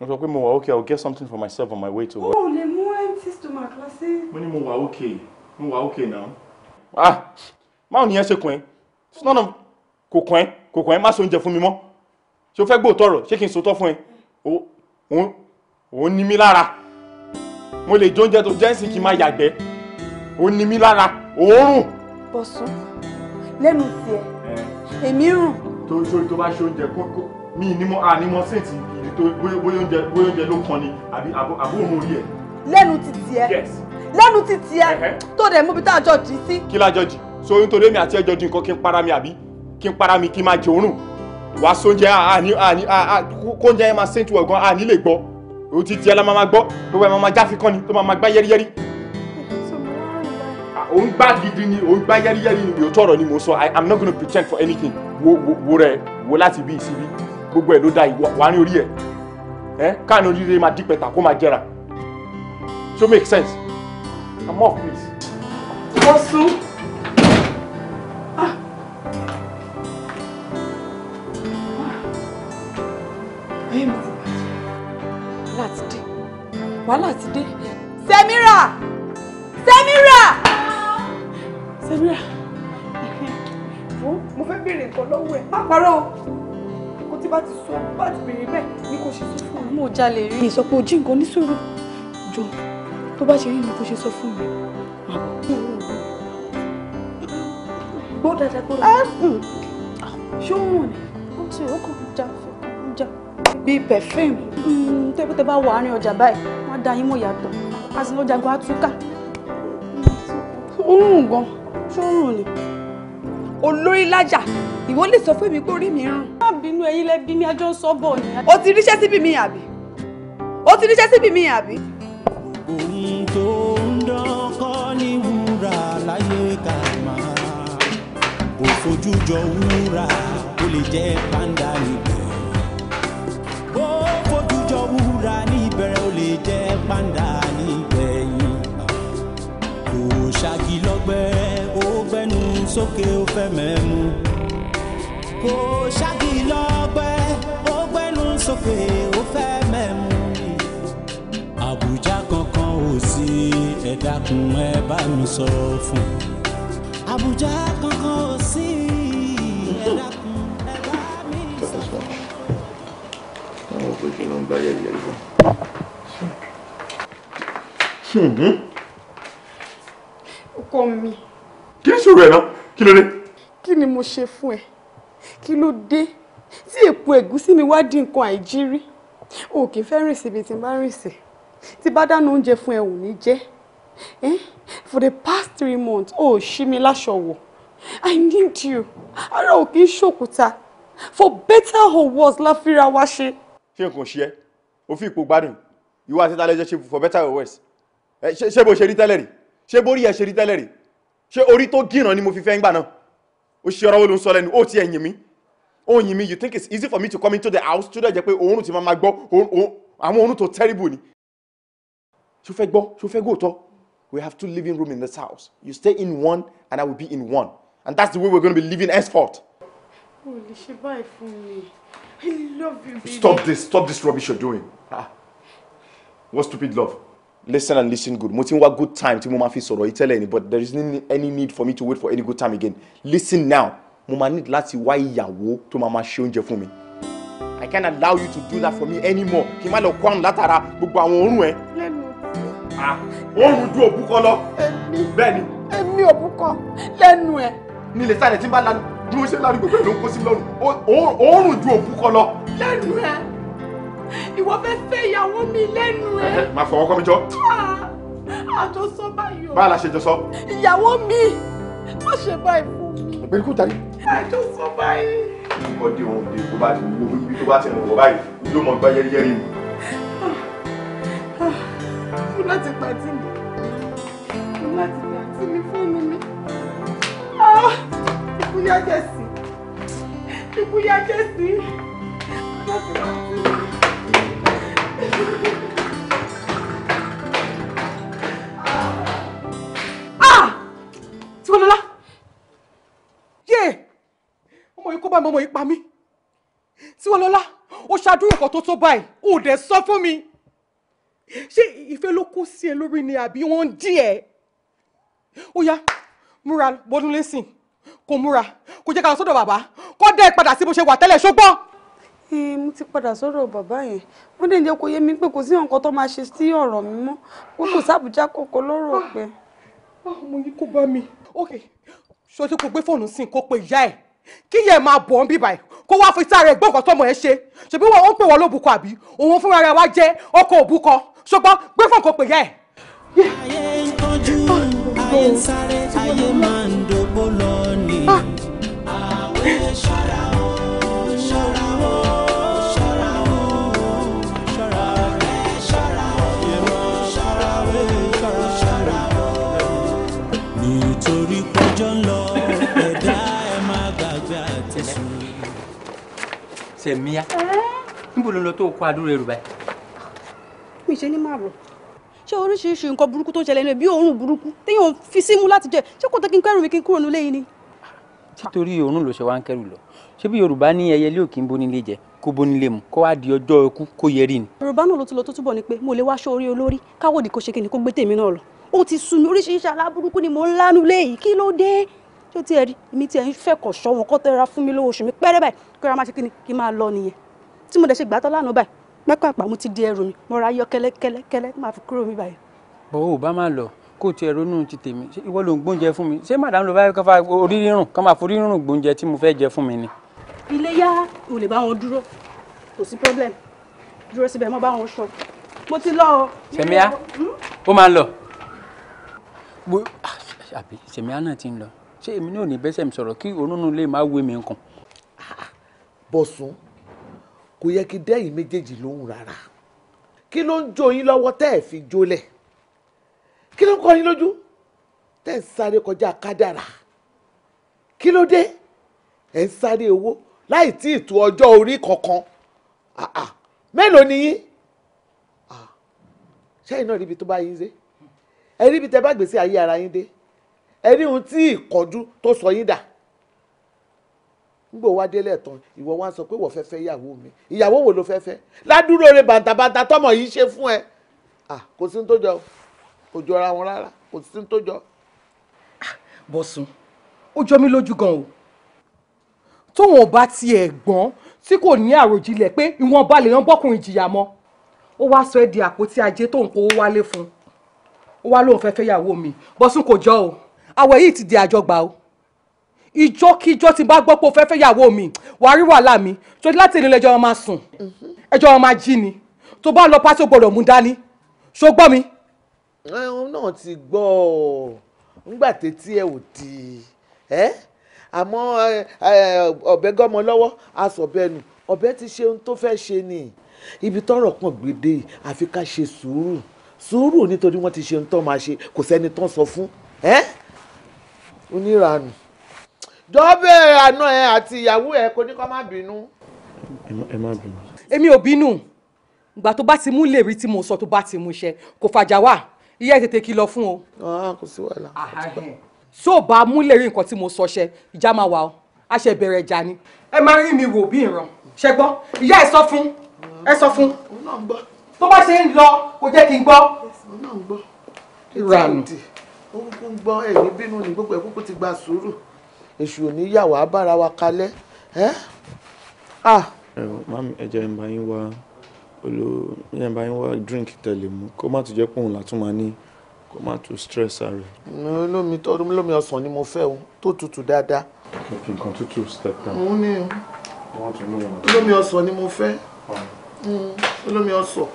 mo sọ pé mo wà okay i will get something for myself on my way to work. o le mú empty stomach lọ sí. mo ní mo wà okay mo wà okay now. ah máa nìyẹn ṣe kùn ẹ́ sinọ́nà kò kùn ẹ́ kò kùn ẹ́ má ṣe oúnjẹ fún mi mọ́ ṣé o fẹ́ gbóòótọ́ ọ̀rọ̀ ṣé kí n sòótọ́ fún ẹ òun ní mi lára mo lè jẹ oúnjẹ tó jẹ́ ǹsìn kí n máa yàgbẹ́ òun ní mi lára òórùn. bọ̀sùn lẹ́nu tiẹ̀ eh. èmi rùn. tó tó bá ṣe oúnjẹ kókó mi ni mo àní mo sèǹtì ìdí tó bóyá oúnjẹ bóyá oúnjẹ ló kan ni àbí àbó òun rí ẹ. lẹ́nu ti tiẹ̀ lẹ́nu ti tiẹ̀ tó dẹ̀ mú bí tá a jọ jì sí. la jọ so nítorí èmi àti ẹjọ́ di nǹkan kí n para mi àbí kí n para mi kí n máa jẹ òórùn wàá sóúnjẹ àní àní kóúnjẹ yẹn máa sèǹtì wọ̀ gan àní lè gbọ́ òun ti tiẹ̀ la máa gbọ́ tó bá máa jáfi kán ni tó máa gbá yẹ́rìyẹ́rì òun gbá gidi ni òun gbá yẹ́rìyẹ́rì ni òótọ́ ọ̀rọ̀ ni mo sọ I am not gonna pretend for anything wo wo wo rẹ wo láti bí ìsibí gbogbo ẹ̀ ló da ìwà ní orí ẹ̀ ẹ́ káàní oríire máa dí pẹ̀tà kó máa jẹrà so make sense Come off please. wọ́n sún. láti dé wàhálà ti dé. Semira Semira Semira *laughs* mo fẹ́ béèrè nǹkan lọ́wọ́ ẹ̀ má parọ́ o tí bá ti sọ bá ti bèrè bẹ́ẹ̀ ni kò ṣe sọ fún mi. mo jalè rí. mi sọ pé ojú nǹkan ní sùúrù jọ tó bá ṣe rí ni kò ṣe sọ fún mi. gbọ́ dáadáa kó lọ. Ah, mm. ṣé mọ̀ ni. ó ti ó kò já já. bíi perfume mm, tẹ́pẹ́tẹ́ bá wà àárín ọjà báyìí wọ́n á da yín mọ̀ yàtọ̀ àsìlọ́ jagun á túká. ó rùn gan ṣé ó rùn ni. olórí lájà ìwọ lè sọ fún mi pé orí mi rùn. má bínú ẹ̀yin lẹ bí mi ajọ ń sọ bọ ni. o ti ríṣẹ́ síbi mi àbí o ti ríṣẹ́ síbi mi àbí. ohun tó ń dọ́kọ́ ní wúrà láyé ká máa kò fojú jọ wúrà kó lè jẹ́ pàǹdà níbẹ̀. ó fojú jọ wúrà ní ó lè jẹ́ pàǹdà nígbẹ̀yìn. kò ṣàgìlọ́gbẹ́ ó gbẹ́nu sókè ó fẹ́ mẹ́mu kò ṣáàgì lọ́gbẹ́ ó gbẹ́nu sókè ó fẹ́ mẹ́mu ni. àbújá kankan ò sí ẹ dákun ẹ bá mi sọ fún. àbújá kankan ò sí ẹ ẹ bá mi sọ fún. báwo pé ń bá yẹ̀yẹ̀ lọ. ọkọ mi. kí ni sùúrù ẹ̀ náà kí ló dé. kí ni mo ṣe fún ẹ kí ló dé tí èpo ẹ̀gúsí mi wá di nǹkan àìjírí o kì í fẹ́ rìn síbi tí n bá rìn sí tí bá dáná oúnjẹ fún ẹ ò ní jẹ́ eh? for the past three months o ò ṣí mi láṣọ wọ̀ i need you ara ò kì í ṣòkúta for better or worse la fira wa ṣe. ṣé nǹkan ṣe ẹ́ òfin ìpò gbádùn ìwà àti tálẹ́jọ́ ṣe for better or worse eh, ṣé bó ṣe rí tẹ́lẹ̀ rí ṣé bórí ẹ̀ ṣe rí tẹ́lẹ̀ rí ṣé orí tó gíràn ni mo fi fẹ́ ń gbà náà ó ọ̀rọ̀ sọ lẹ́nu ó ti ẹ̀yìn mi ó mi you think it's easy for me to come into the house To dẹ̀ jẹ́ pé òórùn ti máa ma gbọ́ àwọn òórùn tó terrible ni ṣó fẹ́ gbọ́ ṣó fẹ́ gbóòótọ́ we have two living rooms in this house you stay in one and I will be in one and that's the way we're going to be living henceforth. o ṣe báyìí fún mi I love you baby. stop this stop this rubbish you're doing ah what stupid love listen and listen good mo ti ń good time tí mo máa fi sọ̀rọ̀ yìí tẹ́lẹ̀ ni but there is any need for me to wait for any good time again listen now mo máa need láti wá ìyàwó tó máa máa ṣe oúnjẹ fún mi i can't allow you to do that for me anymore kí n má lọ kó àrùn látara gbogbo àwọn òórùn ẹ. ah òórùn dún òbúkọ lọ. èmi bẹ́ẹ̀ni. èmi òbúkọ lẹ́nu ẹ. nílé sáré tí n bá lanu bí mo ṣe lanu gbogbo ẹ̀ ló ń kó sí lọ́rùn òórùn dún òbúkọ lọ. lẹ́nu ẹ ìwọ fẹ́ fẹ́ ìyàwó mi lẹ́nu ẹ. má fọwọ́ kọ́ mi jọ. àjọsọ ah, báyọ̀. báà la ṣe jọ sọ. ìyàwó mi má ṣe báyìí fún mi. ọ̀gbẹ́ni kò tari. àjọsọ báyìí. ọdẹ òun òde tó bá ti wo ibi tó bá ti rìn wọ báyìí ló mọ gbá yẹriyẹri mi. mo láti pàtí mi mo láti pàtí mi fóònù mi. Ah, ìkúyà jẹ́sí ìkúyà jẹ́sí mo láti pàtí mi. Ah! Tíwọ́lọ́lá! Yé! Ọmọ yìí kó bá mi, ọmọ yìí pa mí. Tíwọ́lọ́lá, ó ṣàdúró ọkọ̀ tó tó báyìí, ò dẹ̀ sọ fún mi. Ṣé ìfẹ́ ló kó sí ẹ lórí ni àbí wọ́n ń dí ẹ? Ó yá, múra bọ́dún lẹ́sìn, kò múra, kò jẹ́ ká lọ sọ́dọ̀ bàbá, kó dẹ́ padà sí bó ṣe wà tẹ́lẹ̀ ṣùgbọ́n ti padà sọ́dọ̀ bàbá yẹn wọ́n dẹ̀ ń jẹ́ kó yé mi pé kò sí nǹkan tó máa ṣe sí ọ̀rọ̀ mi mọ́ pé kò sábùjá kòkó lọ́rọ̀ ọ̀pẹ. Ah, ah, ah, ọmọ yìí kò bá mi ok ṣé o ti kò gbé fóònù sí kó pe ìyá ẹ̀ kí yẹ máa bọ̀ ń bíbà ẹ̀ kó wá fi sáré gbọ́ nǹkan tọmọ ẹ ṣe ṣebí wọn ò ń pè wọn lóbùkọ àbí òun fúnra rẹ wá jẹ́ ọkọ òbúkọ ṣùgbọ́n gbé fóònù kó pe ìyá ẹ̀. ayé ń tọ́jú ayé ń sáré ayé máa sẹ̀míyá níbo ló lọ tó kó adúrò ẹrù báyìí. mi ṣe ní márùn ṣé oríṣiríṣi nǹkan burúkú tó ń ṣẹlẹ̀ níbi òórùn burúkú téèyàn fi símú láti jẹ ṣé kò tẹ́ kí n kẹ́rù mi kí n kúrò nílé yìí ni. títorí òórùn ló ṣe wá ń kẹ́rù lọ ṣé bí yorùbá ní ẹyẹ ilé òkè ń bónílé jẹ kó bónílé mu kó wá di ọjọ́ ikú kó yẹ rí ni. yorùbá náà ló ti lọ tó túbọ̀ ni pé mo lè wá aṣọ orí olórí káwọ́dì kó ṣe kí ni kó gbé tèmi náà lọ ó ti sú mi oríṣiríṣi aláburúkú ni mo ń lánú léyìí kí ló dé ṣé tí ẹ rí èmi tí ẹ ń fẹ́kọ̀ ṣọ́ wọn kọ́ tẹ́ra fún mi lówó oṣù mi pẹ́rẹ́ báyìí kí wọ́n máa ṣe kí ni kí n máa lọ nìyẹn tí mo dẹ̀ ṣe gbàtọ́ lánàá báyìí mẹ́kàn àpà mo ti di ẹrù mi mo ra yọ kẹ́lẹ́kẹ́lẹ́kẹ́lẹ́ máa fi kúrò mi báyìí. bọ́ ò bá máa lọ kó tiẹ̀ ronú ti tèmi ìwọ ló ń gbóúnjẹ fún mi ṣé màdàm ló bá yẹ káfa orí rírùn kán máa forí rírùn lọ o. sẹ̀míà hmm? ó máa lọ sẹ̀míà náà ti ń lọ ṣé èmi náà ní bẹ́sẹ̀ mi sọ̀rọ̀ kí onúnu lè má wé mi nǹkan. bọ̀sùn kò yẹ kí dẹ́yìn méjèèjì lóhùn rárá kí ló ń jó yín lọ́wọ́ tẹ́ ẹ̀ fi jólẹ̀ kí ló ń kọ́ yín lójú tẹ́ ẹ̀ ń sáré kọjá kádàrà kí ló dé ẹ̀ ń sáré owó láì tí ì tu ọjọ́ orí kankan mélòó ni yín ṣẹ́yìn náà ríbi tó bá yín dé ẹ ríbi tẹ́ bá gbèsè ayé ara yín dé ẹni ohun tí ìkọjú tó sọ yín dà nígbà wá délé ẹ̀tàn ìwọ wá sọ pé wọ́n fẹ́ fẹ́ ìyàwó mi ìyàwó wo ló fẹ́ fẹ́ ládùúrò rẹ bàǹtàbàǹtà tọmọ yìí ṣe fún ẹ kò sí ní tó jọ kò jọra wọn rárá kò sí ní tó jọ. Ah, bọ̀sùn ó jọ mí lójú gan o tóun ò bá tiẹ̀ gbọ́n tí kò ní àròjinlẹ̀ pé ìwọ̀nba lèèyàn bọ́kùnrin jìyà mọ́ ó wá sọ ẹ́ di àpótí ajé tóun kó wálé fún ó wá lóun fẹ́ fẹ́ ìyàwó mi bọ̀sùn kò jọ o àwẹ̀ yìí ti di àjọgbà o ìjọ́kíjọ́ tí bá gbọ́ pé o fẹ́ fẹ́ yàwó mi wàá rí wàhálà mi tó ní láti ìrìnlẹ̀ ẹjọ́ máa sùn mm-hmm. ẹjọ́ máa jí ni tó bá lọ pátí o gbọ́dọ̀ mú dání ṣó gbọ́ mi. ẹ̀hún náà ti gbọ́ ọ ńgbà tètí ẹ ò tì í ẹ́ àmọ́ ọ̀bẹ gọ́mọ lọ́wọ́ asọ̀bẹ́nu ọ̀bẹ ti ṣe ohun tó fẹ́ ṣe ni ibi tọ́rọ̀ kan gbèdé àfi ká ṣe sùúrù sùúrù nítorí wọ́n ti ṣe ohun tó máa ṣe kò sẹ́ni tán sọ fún ẹ́. Eh? oníranù jọ́bẹ̀ àna ẹ àti ìyàwó ẹ kò ní kó má bínú. ẹ má bínú. èmi ò bínú ìgbà tó bá ti mú lè rí tí mo sọ tó bá ti mú iṣẹ́ kò fàjà wà iye tètè kìlọ̀ fún o. Ah, kò sí wàhálà. tí ò bá mú lè rí nǹkan tí mo sọ ṣe ìjà máa wà o a ṣe bẹ̀rẹ̀ ìjà ni. ẹ máa rí mi wò bí ìran ṣẹgbọ́n ìyá ẹ sọ fún ẹ sọ fún tó bá ṣe ń lọ kò jẹ́ kí n gbọ́. ìranù orúkú ń gbọ́n ẹ̀mí bínú ni gbogbo ẹ̀kúkú ti gba sùúrù èṣù ò ní yà wá bára wa kalẹ̀ ẹ́ à. ẹ̀ ń bá yín wá olo ẹ̀ ń bá yín wá drink tẹ̀lé mu kó má tún jẹ́ pòun látún máa ní kó má tún stress ara ẹ̀. lómi tó lómi ọsàn ni mo fẹ́ o tó tutù dáadáa. òkè nǹkan tútù step down. òun ni lómi ọsàn ni mo fẹ́ mm, lómi ọsàn.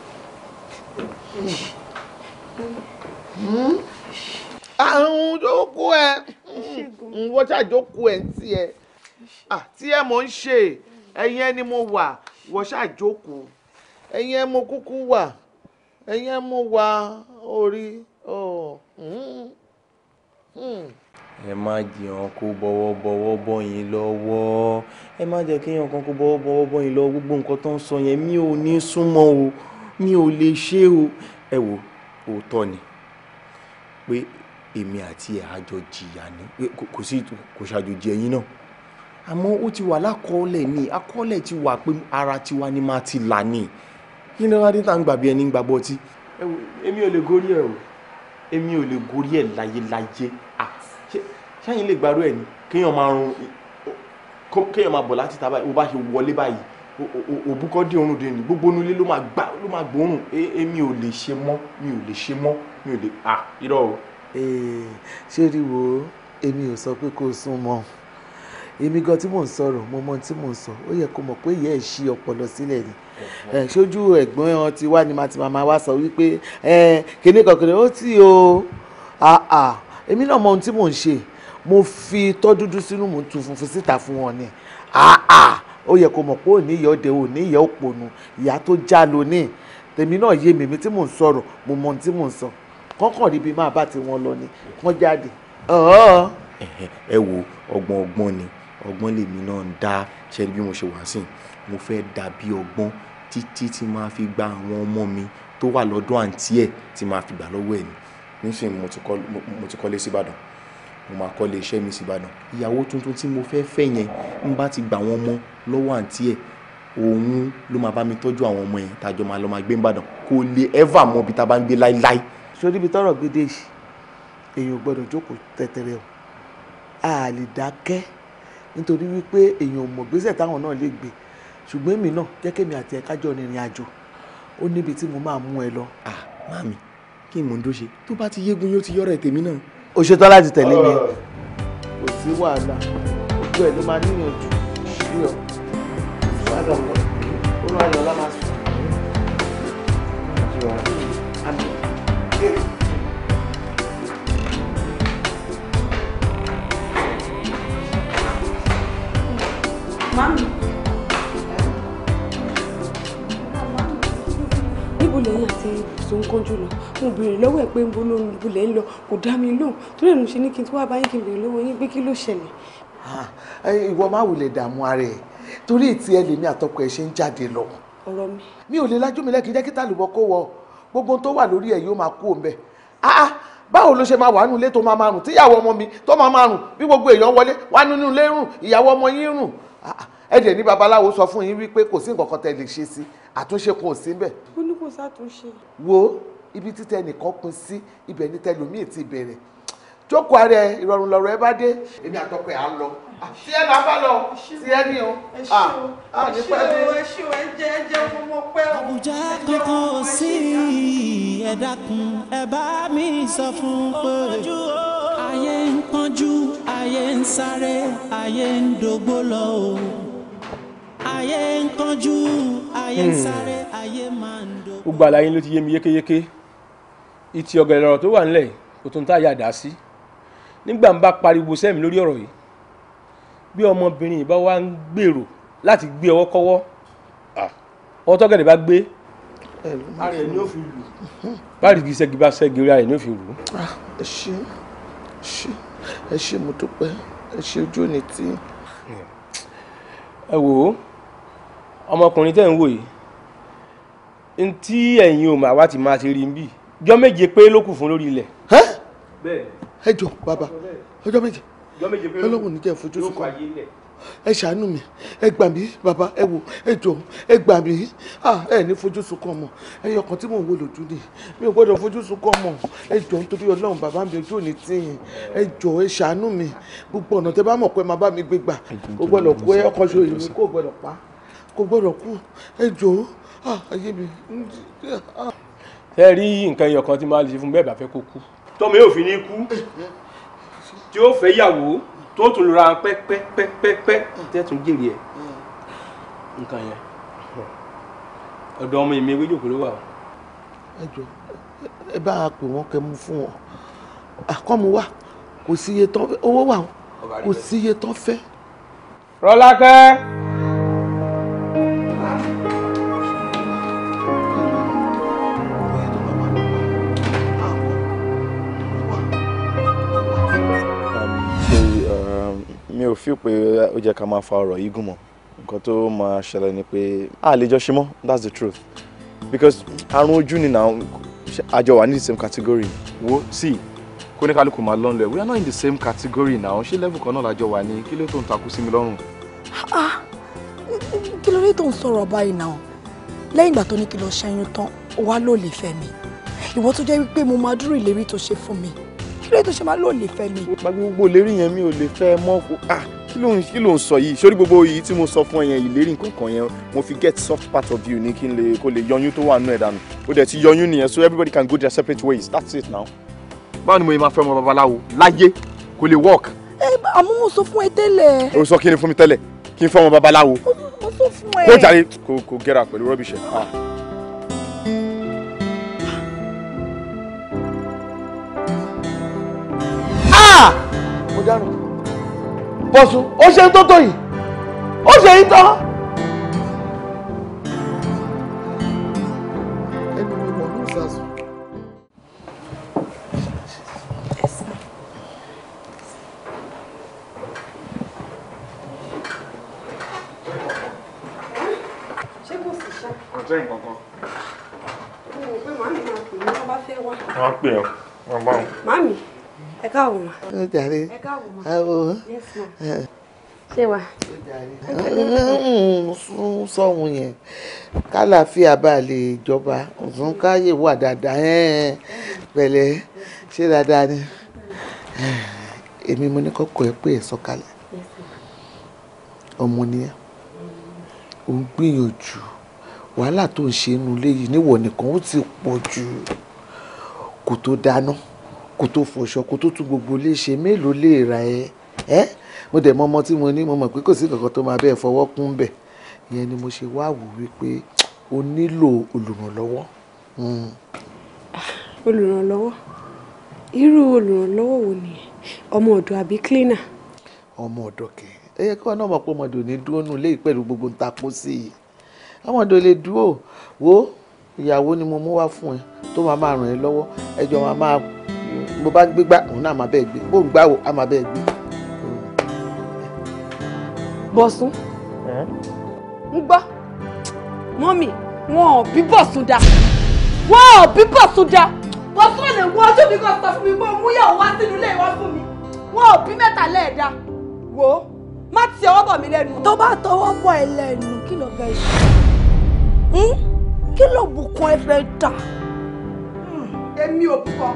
mm àrùn jókòó ẹ wọ́n ṣàjókòó ẹ̀ ń tiẹ̀ tí ẹ mọ̀ ń ṣe ẹ̀yìn ẹni mo wà wọ́n ṣàjókòó ẹ̀yìn mo kúkú wà ẹ̀yìn mo wà orí ẹ má jìyàn kó bọ́wọ́bọ́wọ́ bọ́ yín lọ́wọ́ ẹ má jẹ́ kéèyàn kan kó bọ́wọ́bọ́wọ́ bọ́ yín lọ́wọ́ gbogbo nǹkan tó ń sọ yẹn mi ò ní súnmọ́ o mi ò lè ṣe o ẹ wò òótọ́ ni pé èmi àti ẹ̀ àjọ jìyà ni kò sí kò ṣàjòjì ẹ̀yin náà àmọ́ ó ti wà lákọọ́lẹ̀ ni akọọ́lẹ̀ ti wà pé ara tiwa ni máa ti là ní kí ni wọ́n á dé tá à ń gbàgbé ẹni gbàgbọ́ tí. èmi ò lè gorí ẹ o èmi ò lè gorí ẹ láyéláyé ṣáyìn lè gbàrú ẹ ni kéèyàn máa run kéèyàn máa bọ̀ láti ta báyìí ó bá ṣe wọlé báyìí òbúkọ́ dé orun dé ni gbogbo onúlé ló máa gbà e, èmi ò lè ṣe mọ́ mi ò lè ṣe mọ́ mi ò lè à irọ́ o ṣé rí wo èmi ò sọ pé kó o sún mọ́ èmi gan tí mò ń sọ̀rọ̀ mo mọ tí mò ń sọ ó yẹ kó mọ̀ pé ìyá ẹ̀ ṣí ọpọlọ sílẹ̀ ni ṣojú ẹ̀gbọ́n ẹ̀ ti wá ni màtí màmá wa sọ wípé kíní kankan ó tì o èmi náà mọ ohun tí mò ń ṣe mo fi tọ́ dúdú sínú mò ń tu funfun síta fún wọn ni ó yẹ kó mọ̀ pé òní ìyá òde òní ìyá òpònú ìyá tó já lónìí tèmi náà yé mi tí mò ń sọ̀rọ̀ mo mọ ohun tí mò ń sọ kọ́kàn ríbi máa bá tiwọn lọ ni wọ́n jáde. ẹ wo ọgbọ́n ọgbọ́n ni ọgbọ́n lèmi náà ń dá ṣe bí mo ṣe wá sí mo fẹ́ dà bí ọgbọ́n títí tí máa fi gba àwọn ọmọ mi tó wà lọ́dọ̀ àǹtí ẹ̀ tí máa fi gbà lọ́wọ́ ẹ̀ ni nísìnyí mo ti kọ́lé síbàdàn mo máa kọ́lé iṣẹ́ mi síbàdàn ìyàwó tuntun tí mo fẹ́ fẹ́ yẹn ń bá ti gbà wọ́n mọ́ lọ́wọ́ àǹtí ẹ̀ òun ló máa bá mi tọ́jú àwọn ọmọ yẹn tàjọ máa lọ máa gbé ń bàdàn kò lè ever mọ ibi tá a bá ń gbé láéláé sórí ibi tọ́rọ̀ gbédè yìí èèyàn ò gbọ́dọ̀ jókòó tẹ̀tẹ̀rẹ̀ o a lè dákẹ́ nítorí wípé èèyàn ò mọ̀ gbésẹ̀ táwọn náà lè gbé ṣùgbọ́n èmi náà jẹ́ kémi àti ẹ̀ka jọ rìnrìn àjò ó níbi tí mo máa mú ẹ lọ. à màmí kí n mọ̀ ń dóṣe tó bá ti yégun yóò ti yọ̀rọ̀ tèmi náà. o ṣetán láti tẹ̀lé mi. kò sí wàhálà gbogbo ẹ̀ ló máa níyànjú sí ọ. ó rán ayọ̀ lá máa sùn. Mami. Níbo lẹ́yìn àti Sòńkánjú lọ? Mo béèrè lọ́wọ́ ẹ̀ pé níbo ló ń bulẹ̀ ń lọ. Kò dá mi lóhùn. Torí ẹ̀ mo ṣe ní kí n tí wàá bá kí n béèrè lọ́wọ́ yín pé kí ló ṣẹlẹ̀. Ah, ìwọ máa wulẹ̀ dààmú ara ẹ̀ torí ìtì ẹ lèmi àtọkọ ẹ ṣe ń jáde lọ. Ọ̀rọ̀ mi. Mi ò lè lajú mi lẹ́kìn jẹ́ kí tàlùbọ̀ kó wọ. Gbogbo tó wà lórí ẹ̀ yóò máa kú òun bẹ̀. Áá ah, ah, báwo ló ṣe máa wà nínú ilé tó máa máa rùn tíyàwó ọmọ mi tó máa máa rùn bí gbogbo èèyàn wọlé wà nínú ilé rùn ìyàwó ọmọ yín rùn Ah, ah. ẹ dẹ̀ ní babaláwo sọ fún yín wípé kò sí nǹkan kan tẹ́ lè ṣe sí àtúnṣe kò sí bẹ́ẹ̀. ó ní kò sátúnṣe. wo ibi títẹ nìkan pin sí ibẹ̀ ní tẹlòmíì ti bẹ̀rẹ̀ jókòó ara ẹ ìrọ̀rùn lọ̀rọ̀ ẹ bá dé èmi àtọkọ ẹ̀ á lọ tí ah, ẹ bá bá lọ tí ẹ ní o à ní pẹ́ bí. ẹṣin o ẹjẹ ẹjẹ ọmọ pẹ́ o. àbújá kankan ò sí ẹ dákun ẹ bá mi sọ fún pé ayé ń pọ́njú ayé ń sáré ayé ń dògbò lọ o ayé ń kánjú ayé ń hmm. sáré ayé máa ń dògbò. gbogbo àlàyé ló ti yé mi yékéyéké ìtì ọ̀gẹ̀dẹ̀ ọ̀rọ̀ tó wà nílẹ̀ kò tó ń tá àyà dá sí nígbà ń bá pariwo sẹ́mi lórí ọ̀rọ̀ yìí bí ọmọbìnrin yìí bá wá ń gbèrò láti gbé ọwọ́ kọ́wọ́ ọwọ́ tọ́gẹ̀dẹ̀ bá gbé ara ẹ̀ ni ó fi lù bá rìgì sẹ́gi bá sẹ́gi rí ara ẹ̀ ni ó fi lù. Ah, ẹ ṣe ṣe ẹ ṣe mo dúpẹ́ ẹ ṣe ojú òní tí. ẹ wò ó ọmọkùnrin tẹ́ ń wò yìí n tí ẹ̀yin ò mà wá ti máa ṣe rí bí jọ́ méje pé ló kù fún lórí ilẹ̀. ẹ jọ bàbá ọjọ́ méje ọlọ́run ní kẹ́ ẹ fojú sunkún ẹ ṣàánú mi ẹ gbà mí bàbá ẹ wò ẹ jọ ẹ gbà mí ah, ẹ ní fojú sunkún ọmọ ẹyọ kan tí mò ń wò lójú ni mi ò gbọ́dọ̀ fojú sunkún ọmọ ẹ jọ nítorí Ọlọ́run bàbá mi ojú òní tìyìn ẹ jọ ẹ ṣàánú mi gbogbo ọ̀nà tẹ bá mọ̀ pé máa bá mi gbé gbà kò gbọ́dọ̀ kú ẹyọ kan ṣòyìn mi kò gbọ́dọ̀ pa kò gbọ́dọ̀ kú ẹ jọ ah, ayé mi. ṣé rí nǹkan ẹyọ kan tí máa lè ṣe fún bẹ́ẹ̀ bá fẹ́ kó kú tọ́mọ tó tún lura pẹ́pẹ́pẹ́pẹ́ tẹ́tún jèrè ẹ̀ nǹkan yẹn ọ̀dọ̀ ọmọ mi ewé jòkó ló wà o. ẹ jọ ẹ bá a pè wọn kẹ mú fún wọn àkọ́mu wà kò síye tán owó wà kò síye tán fẹ́. Rọ́lákẹ́. mi ò feel pé ó jẹ́ ká máa fa ọ̀rọ̀ yìí gùn mọ́ nǹkan tó máa ṣẹlẹ̀ ni pé a lè jọ ṣe mọ́ that's the truth because àrùn ojú ni now. àjọ wà ní the same category wo sí kóníkálukú máa lọ́nlọ́ ẹ̀ we are not in the same category now ṣé level kan náà lájọ wà ní kí ló tó ń takú sí mi lọ́rùn. Ah, kí ló dé tó ń sọ̀rọ̀ báyìí náà lẹ́yìn ìgbà tó ní kí lọ ṣẹ́yún tán wá ló fẹ́ mi ìwọ tó jẹ́ wípé mo máa dúró ìlérí tó ṣe fún mi kí ló tó ṣe máa lò lè mi. gbogbo ìlérí yẹn mi ò lè fẹ́ mọ́ kó kí ló ń kí ló ń sọ yìí sórí gbogbo yìí tí mo sọ fún ẹ ìlérí nǹkankan yẹn mo fi get soft part of you ní kí n lè kó lè yọyún tó wà nù ẹ̀ dànù ó dẹ̀ ti yọyún nìyẹn so everybody can go their separate ways that's it now. báwo ni mo yẹ máa fẹ́ ọmọ babaláwo láyé kò lè work. ẹ àmọ́ mo sọ fún ẹ tẹ́lẹ̀. o sọ kí ni fún mi tẹ́lẹ̀ kí n fẹ́ ọmọ babaláwo. mo sọ fún ẹ. kó jàre kò kò gẹ́ra pẹ̀lú rọ́bìṣẹ́. mo dárò bọ̀sùn ó ṣe ń tó tó yìí ó ṣe ń tán. káwọ́ ma. ẹ jàre ẹ káwọ́ ma. ẹ wo ṣé wa. sún sọ̀hún yẹn kálàáfíà bá lè jọba ọ̀sùn káyè wà dáadáa pẹ̀lẹ́ ṣé dáadáa ni mo ní kọ́kọ́ ẹ pé ẹ sọ̀kalẹ̀ ọmọ nìyẹn ò ń gbìyànjú wàhálà tó ń ṣe inú ilé yìí níwọ̀ nìkan ti pọ̀ jù kó tó kó tó fọṣọ kó tó tún gbogbo lè ṣe mélòó lè ra ẹ ẹ mo dẹ̀ mọ ọmọ tí mo ní mo mọ̀ pé kò sí kankan tó máa bẹ́ẹ̀ fọwọ́ kún bẹ̀ ìyẹn ni mo ṣe wá wò wípé o nílò olùrànlọ́wọ́. Hmm. olùrànlọ́wọ́ irú olùrànlọ́wọ́ wo ni ọmọ ọ̀dọ̀ àbí cleaner. ọmọ ọ̀dọ̀ kẹ ẹ yẹ kí wọn náà mọ̀ pé ọmọdé ò ní dúró nù lé pẹ̀lú gbogbo ń takò sí i ọmọdé ò lè dúró wo ìyàwó ni mo mú wá fún ẹ tó máa máa ràn ẹ lọ́wọ́ ẹjọ́ máa máa bó bá gbégbá òun náà máa bẹ́ẹ̀ gbé bó ń gbáwò á máa bẹ́ẹ̀ gbé. bọ̀sùn ń gbọ́ mọ́mì wọn ò bí bọ̀sùn dá wọn ò bí bọ̀sùn dá bọ̀sùn lè wọ ọjọ́ mi kan sọ fún mi pé ó mú yàwó wá sínú ilé ìwọ fún mi wọn ò bí mẹ́ta lẹ́ẹ̀dá wò má ti ọwọ́ bọ̀ mí lẹ́nu. tó bá tọwọ́ bọ̀ ẹ lẹ́nu kí ló fẹ́ ṣe hm? kí ló bùkún ẹ fẹ́ dà. Hmm, èmi ò bùkún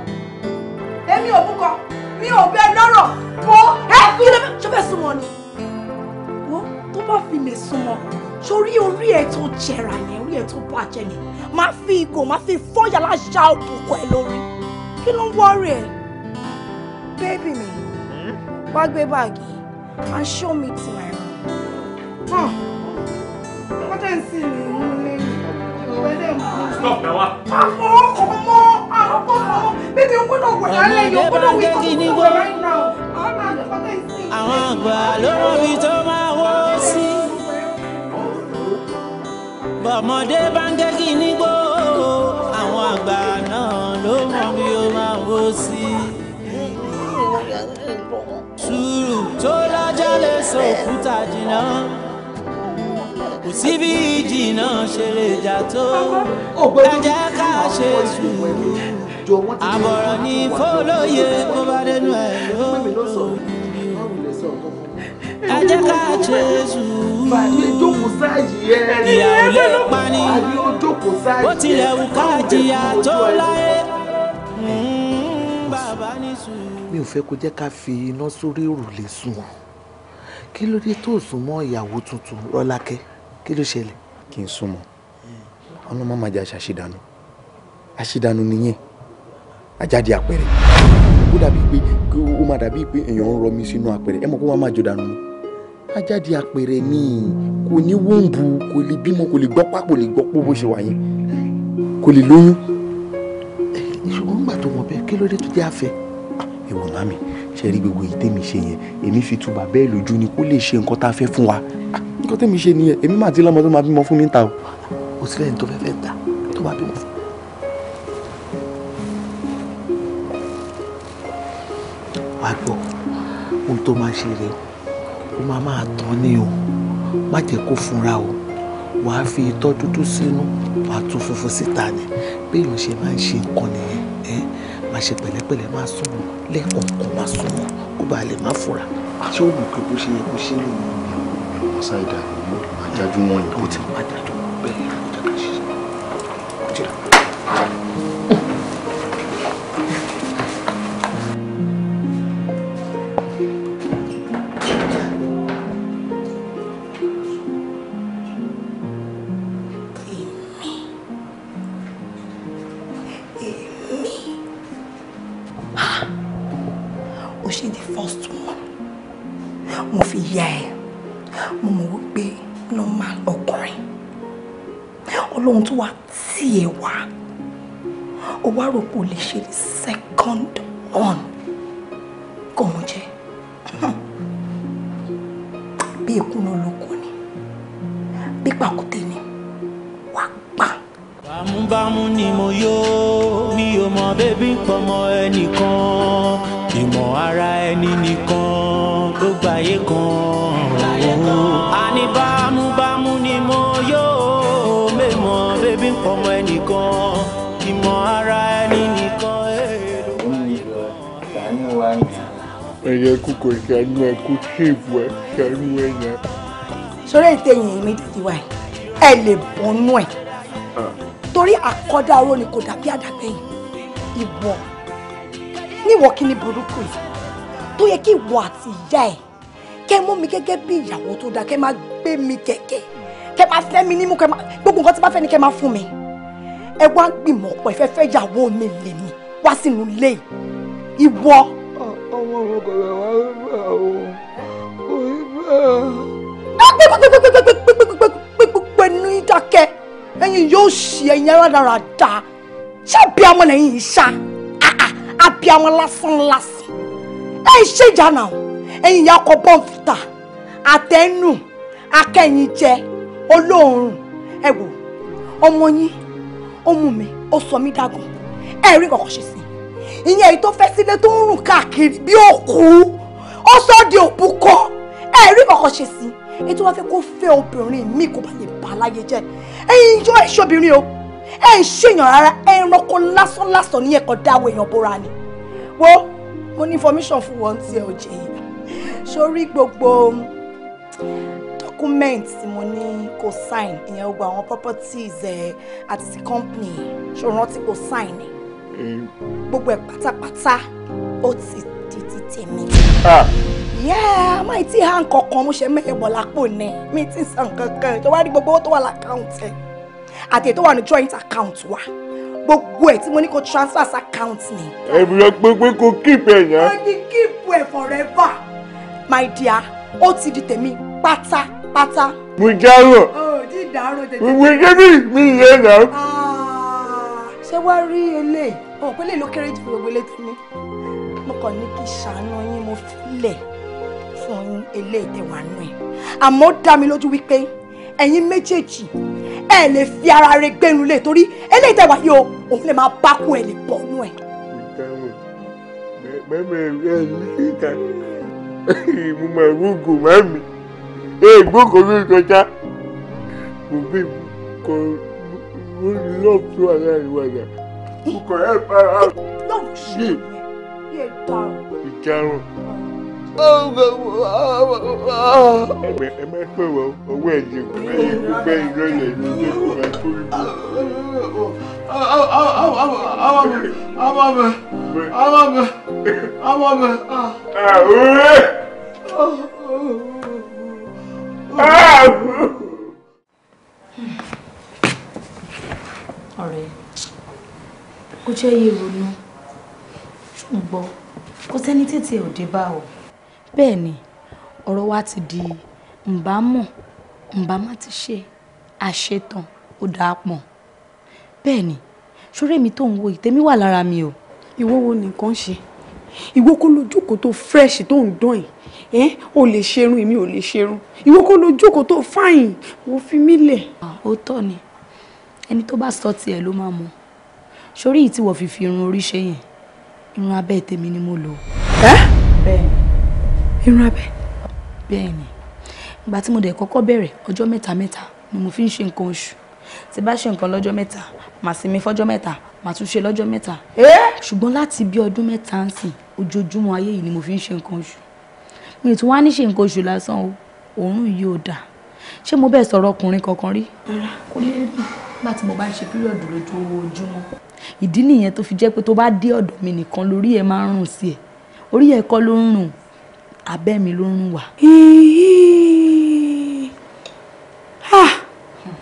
èmi ò búkọ mi ò bẹ lọ́rọ̀ mo ẹ kí ló fẹ́ fẹ́ súnmọ́ ni wo tó bá fi lè súnmọ́ sórí orí ẹ tó jẹrà yẹn orí ẹ tó bàjẹ́ yẹn máa fi ìgò máa fi fọ́yà láṣà òbúkọ ẹ lórí kí ló ń wọ́ọ̀rì ẹ bébì mi wá gbé báàgì and show me to my room. Wọ́n tẹ̀ ń sìn ní ìlú lẹ́yìn. Stop now. Àfọwọ́kọ̀ mọ́. Baby, I'm gonna work. I'll let you. I'm gonna wake up tomorrow right now. I'm not gonna say. Àwọn àgbà ló mọ̀ bí tó máa wó sí. Bọ̀mọdé bá ń gẹ́gì nígbó. Àwọn àgbà náà ló mọ̀ bí ó máa wó sí. Sùúrù tó lọ́jọ́ lè so òkúta jìnnà kò sí bí ìjì náà ṣe lè jà tó ẹ jẹ́ ká ṣe sùúrù jọ wọ́n ti. àbọ̀rọ̀ ni fọlọ́yẹ bó bá dẹnu ẹ̀ ló. ẹ jẹ́ ká ṣe sùúrù. bàbá ìjókòó sáàyè ẹ. ìyàwó lè pani. bó tilẹ̀ wù ká jìyà tó láyé. Hmm, bàbá ní sùúrù. mi ò fẹ́ kó jẹ́ ká fi iná sórí òrùlé sùn wọn kí ló dé tó sùn mọ́ ìyàwó tuntun rọ́lákẹ́ kí ló ṣẹlẹ̀. kí n sún mọ́ ọlọ́mọ máa jẹ́ àṣàṣìdànù àṣìdànù nìyẹn àjáde àpẹẹrẹ ó dàbí pé ó máa dàbí pé èèyàn ń rọmi sínú àpẹẹrẹ ẹ mọ̀ kó máa máa jò dànù ni àjáde àpẹẹrẹ ni kò ní wọ́ǹbù kò lè bímọ kò lè gbọ́pá kò lè gbọ́pó bó ṣe wà yẹn kò lè lóyún ìṣòro ńgbà tó mọ bẹ́ẹ̀ kí ló dé tó dé àfẹ́ ah, ìwọ̀n mami ṣe rí gbogbo èyí tèmi ṣe yẹn èmi fi túbà bẹ́ẹ̀ lójú ni kó lè ṣe nǹkan tá a fẹ́ fún wa ah, nǹkan tèmi ṣe nìyẹn èmi máa ti lọ́mọ tó máa bímọ fún mi ta o. òsínlẹ̀ ní tó fẹ́ fẹ́ ta tó máa bímọ fún wá gbọ́ ohun tó máa ṣe rèé ó máa máa tán ni o má jẹ́ kó funra o wàá fi itọ́ dúdú sínú wàá tún funfun síta ni béèyàn ṣe máa ń ṣe nǹkan nìyẹn ẹ máa ṣe pẹ̀lẹ́pẹ̀lẹ́ máa sùn wọn lẹ́ẹ̀kọ̀ọ̀kan máa sùn wọn kó bàa lè má fura. ṣé o mọ̀ pé bó ṣe yẹ kó ṣe lè mú mi. ọ̀sán ìdàgbò máa jájú wọn ó ti máa jájú first one mo fi ya ẹ mo mọ̀ wípé normal ọkùnrin ọlọ́run tó wá tì ẹ̀ wá ó wá rò pé o lè ṣe second one kò mú jẹ bí ìkùnà olóko ni bí pàkúté ni wà pa. bámúbámú ni mo yó mi ò mọ bébí nǹkan mọ ẹnìkan ìmọ̀ ara ẹni nìkan ló gbàyé kan àníbámúbámú ni mo yóò mẹ́mọ̀ bébí ń pọ̀mọ́ ẹnìkan ìmọ̀ ara ẹni nìkan ló gbàyé kan. ẹyẹ kúkọ ìṣàánú ẹ kú ṣèbù ẹ ṣàánú ẹ yẹn. ètò ẹ̀yìn mi ti wà ẹ lè bọ́nú ẹ̀ ah. torí àkọ́dá oró ni kò dàbí àdàgbẹ́yìn ìbọn níwọ̀ kí ni burúkú yìí tó yẹ kí ìwọ àti ìyá ẹ̀ kẹ́ mú mi gẹ́gẹ́ bí ìyàwó tó dáa kẹ́ máa gbé mi kẹ̀kẹ́ kẹ́ máa fẹ́ mi nímú kẹ́ máa gbogbo nǹkan tí bá fẹ́ ni kẹ́ máa fún mi ẹ wá gbìmọ̀ ọ̀pọ̀ ìfẹ́ fẹ́ ìyàwó mi lè mi wá sínú ilé ìwọ. ọmọ mi kò lè wá ibà o kò ibà. pẹpẹpẹpẹpẹpẹpẹpẹpẹ ẹnu ìdákẹ́ ẹ̀yin yóò ṣe ẹ̀yin aládàáradà ṣé bí amọ̀ lẹ́yìn ìṣá abiyamọ lásán lásán ẹ ṣèjà náà ẹ̀yin ìyá ọkọ bọ́ǹfìtà àtẹnu akẹ́yìn jẹ olóòórùn ẹ wò ọmọ yín ó mú mi ó sọ mí dàgùn ẹ rí kọ̀kọ́ ṣe sí i ìyẹn èyí tó fẹ́ sílé tó ń rùn káàkiri bí òkú ó sọ di òkú kọ́ ẹ rí kọ̀kọ́ ṣe sí i ètò wá fẹ́ kó fẹ́ obìnrin mi kó bá lè bà láyé jẹ́ ẹ̀yin yọ ìṣobìnrin o ẹ ń ṣèyàn rárá ẹranko lásán lásán ní ẹ̀kọ́ dáwọ́ èèyàn bóra ni wo mo ní information fún wọn tí ẹ ò jẹ yìí sórí gbogbo document tí mo ní kò sign ìyẹn gbogbo àwọn properties ẹ àti ti company ṣò rántí kò sign ẹ eh. gbogbo ẹ pátápátá ó ti di ti tèmi. Ah. yẹ́ẹ̀ máa ti hàn kankan mo ṣe mẹ́yẹ̀ bọ̀ lápò ní mi ti sàn kankan tó wá rí gbogbo owó tó wà lákàùntì àti ètò wà ní joint account wa gbogbo ẹ̀ tí mo ní kó transfer sí account ni. ẹ̀mí lọ pé kò keep ẹ̀ yẹn. wọ́n ní keep ẹ̀ forever my dear ó ti di tèmi pátápátá. mo dárò. ó ti dárò tètè. mo ṣe bí mi yẹn náà. Ah, ṣé wàá rí eléyìí ọ̀hún pé lè ló kéré jù gbogbo eléyìí tó ní mo kàn ní kí ṣàánú yín mo filẹ̀ fún eléyìí tẹ̀wá nù ẹ̀ àmọ́ dá mi lójú wípé ẹ̀yin méjèèjì ẹ lè fi ara rẹ gbẹnu lé e torí eléyìí tẹwàá yìí o òun lè máa bá kú ẹ lè bọ̀ nú ẹ. mo máa wúgo máa mi èègbókò ló kọjá mo bí kò mo ní lọ́ọ̀bù tó wà láàrin wa mo kọ̀ ẹ́ bá a ṣe ìkarùn ẹgbẹ ẹgbẹ pé wọ owó ẹjẹ kò bẹ yìí kò bẹ yìí lọlẹ ní ilé kò bẹ kó rí bọ. àwọn mi àwọn mi àwọn mi àwọn mi. àwòrán. ọ̀rẹ́ kò jẹ́ iye ronú ṣùgbọ́n kò sẹ́ni tètè òde bá o bẹ́ẹ̀ ni ọ̀rọ̀ wa ti di ǹbámọ̀ ǹbámá ti ṣe àṣetàn ó dáa pọ̀n bẹ́ẹ̀ ni ṣoré mi tó ń wo ìtẹ́mí wà lára mi o. ìwọ wo nìkan ṣe ìwọ kó lójókòó tó fresh tó ń dán yìí o lè ṣerun èmi ò lè ṣerun ìwọ kó lójókòó tó fine wo fi mí lẹ̀. ó tọ́ ni ẹni tó bá sọ tiẹ̀ ló máa mọ̀ sórí yìí tí wọ́n fi fi irun orí ṣe yẹn irun abẹ́ tèmi ni mo lò. bẹ́ẹ̀ ni irun abẹ́. bẹ́ẹ̀ ni ìgbà tí mo dẹ̀ kọ́kọ́ bẹ̀rẹ̀ ọjọ́ mẹ́ta mẹ́ta ni mo fi ń ṣe nǹkan oṣù tí bá ṣe nǹkan lọ́jọ́ mẹ́ta màá sinmi fọ́jọ́ mẹ́ta màá tún ṣe lọ́jọ́ mẹ́ta. ṣùgbọ́n láti bí ọdún mẹ́ta ń sìn ojoojúmọ́ ayé yìí ni mo fi ń ṣe nǹkan oṣù mi ò tún wá ní ṣe nǹkan oṣù lásán o òórùn yìí ò dáa ṣé mo bẹ́ẹ̀ sọ̀rọ̀ ọkùnrin kankan rí. rárá kò ní rí nígbà tí mo bá ń ṣe píríọ̀dù lójoojúmọ́. ìdí nìyẹn tó fi jẹ́ pé tó bá dé ọ̀dọ̀ mi nìkan lórí ẹ̀ máa ń rùn sí ẹ̀ orí ẹ̀ kọ́ ló ń rùn abẹ́mi ló ń wà. Ah! Hmm.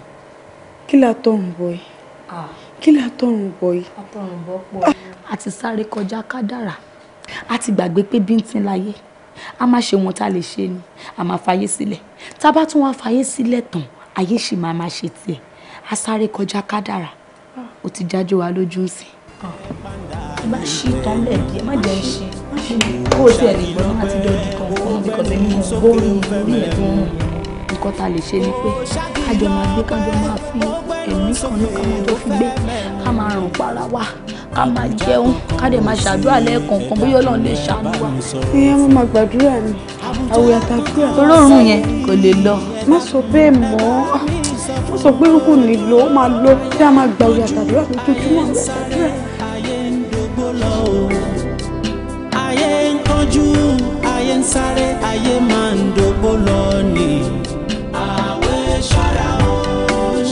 kí la tọrùn bọ̀ yìí ah. kí la tọrùn bọ̀ yìí. àtọrùn bọ̀ pọ̀. Ah! a ti sáré kọjá kádàrà a ti gbàgbé pé bíntín láyé a máa ṣe wọn tá a lè ṣe ni a máa fàyè sílẹ̀ tá a bá tún wá fàyè sílẹ̀ tán ayé ṣì máa máa ṣe tiẹ̀ a sáré kọjá kádàrà ó ti jájọ́ wa lójú ń sìn. bá ṣí tán lẹ́ẹ̀dí ẹ má jẹ́ ń ṣe kó o tiẹ̀ lè gbọ́n àti dọ́jú kan fún bíkọ́sẹ̀ mi ò gbóòórì orí ẹ̀ tó ń mú nǹkan tá a lè ṣe ni pé kájọ máa gbé kájọ máa fi ẹ̀mí kan ní káwọn tó fi gbé ká máa ràn para wa ká máa jẹun ká dẹ̀ máa ṣàdúrà lẹ́ẹ̀kọ̀ọ̀kan bóyá Ọlọ́run lè ṣàánú wa. ìyẹn mo máa gbàdúrà ni àwòyà tàdúrà. olórùn yẹn kò lè lọ. má sọ bẹ́ẹ̀ mọ́ wọ́n sọ pé kò ní ó máa lọ kí a máa gbàwòyà tàdúrà lójoojúmọ́ àwòyà tàdúrà. lójú ayé ń sáré ayé máa ń dogbo lọ ni. àwẹ̀ ṣọ́ra o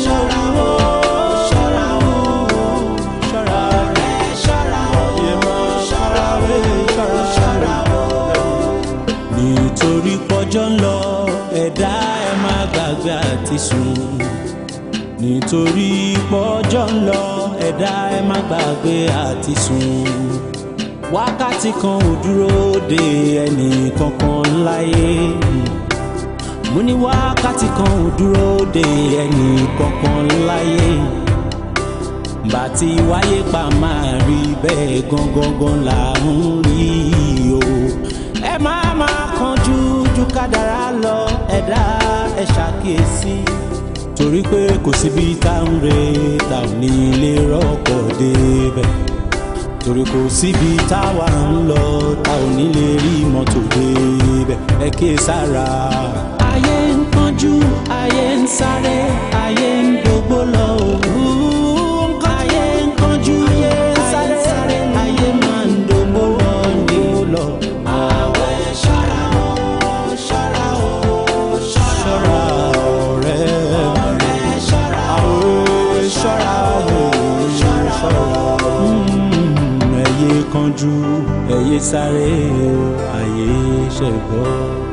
ṣọ́ra o ṣọ́ra o ṣọ́ra rẹ̀ ṣọ́ra o ṣọ́ra rẹ̀ ṣọ́ra o. nítorí pọ́jọ́ ń lọ ẹ̀dá ẹ̀ máa gbàgbé àti sùn nítorí pọ́jọ́ ń lọ ẹ̀dá ẹ̀ máa gbàgbé àti sùn wákàtí kan ò dúró de ẹnì kankan láyé mo ní wákàtí kan ò dúró de ẹnì kankan láyé bàtí wáyé pa máa rí bẹ́ẹ̀ gangan là ń rí o ẹ máa máa kánjú ju kádàrá lọ ẹ̀dá ẹ ṣàkíyèsí torí pé kò síbi tá ń re tá ò ní lè rọ́pò débẹ̀ torí kò síbi táwa ń lọ tá ò ní lè rí mọ́tò débẹ̀ ẹ ké sára. ayé ń pọ́njú ayé ń sáré ayé ń kánjú ẹ̀yẹ sáré o àyè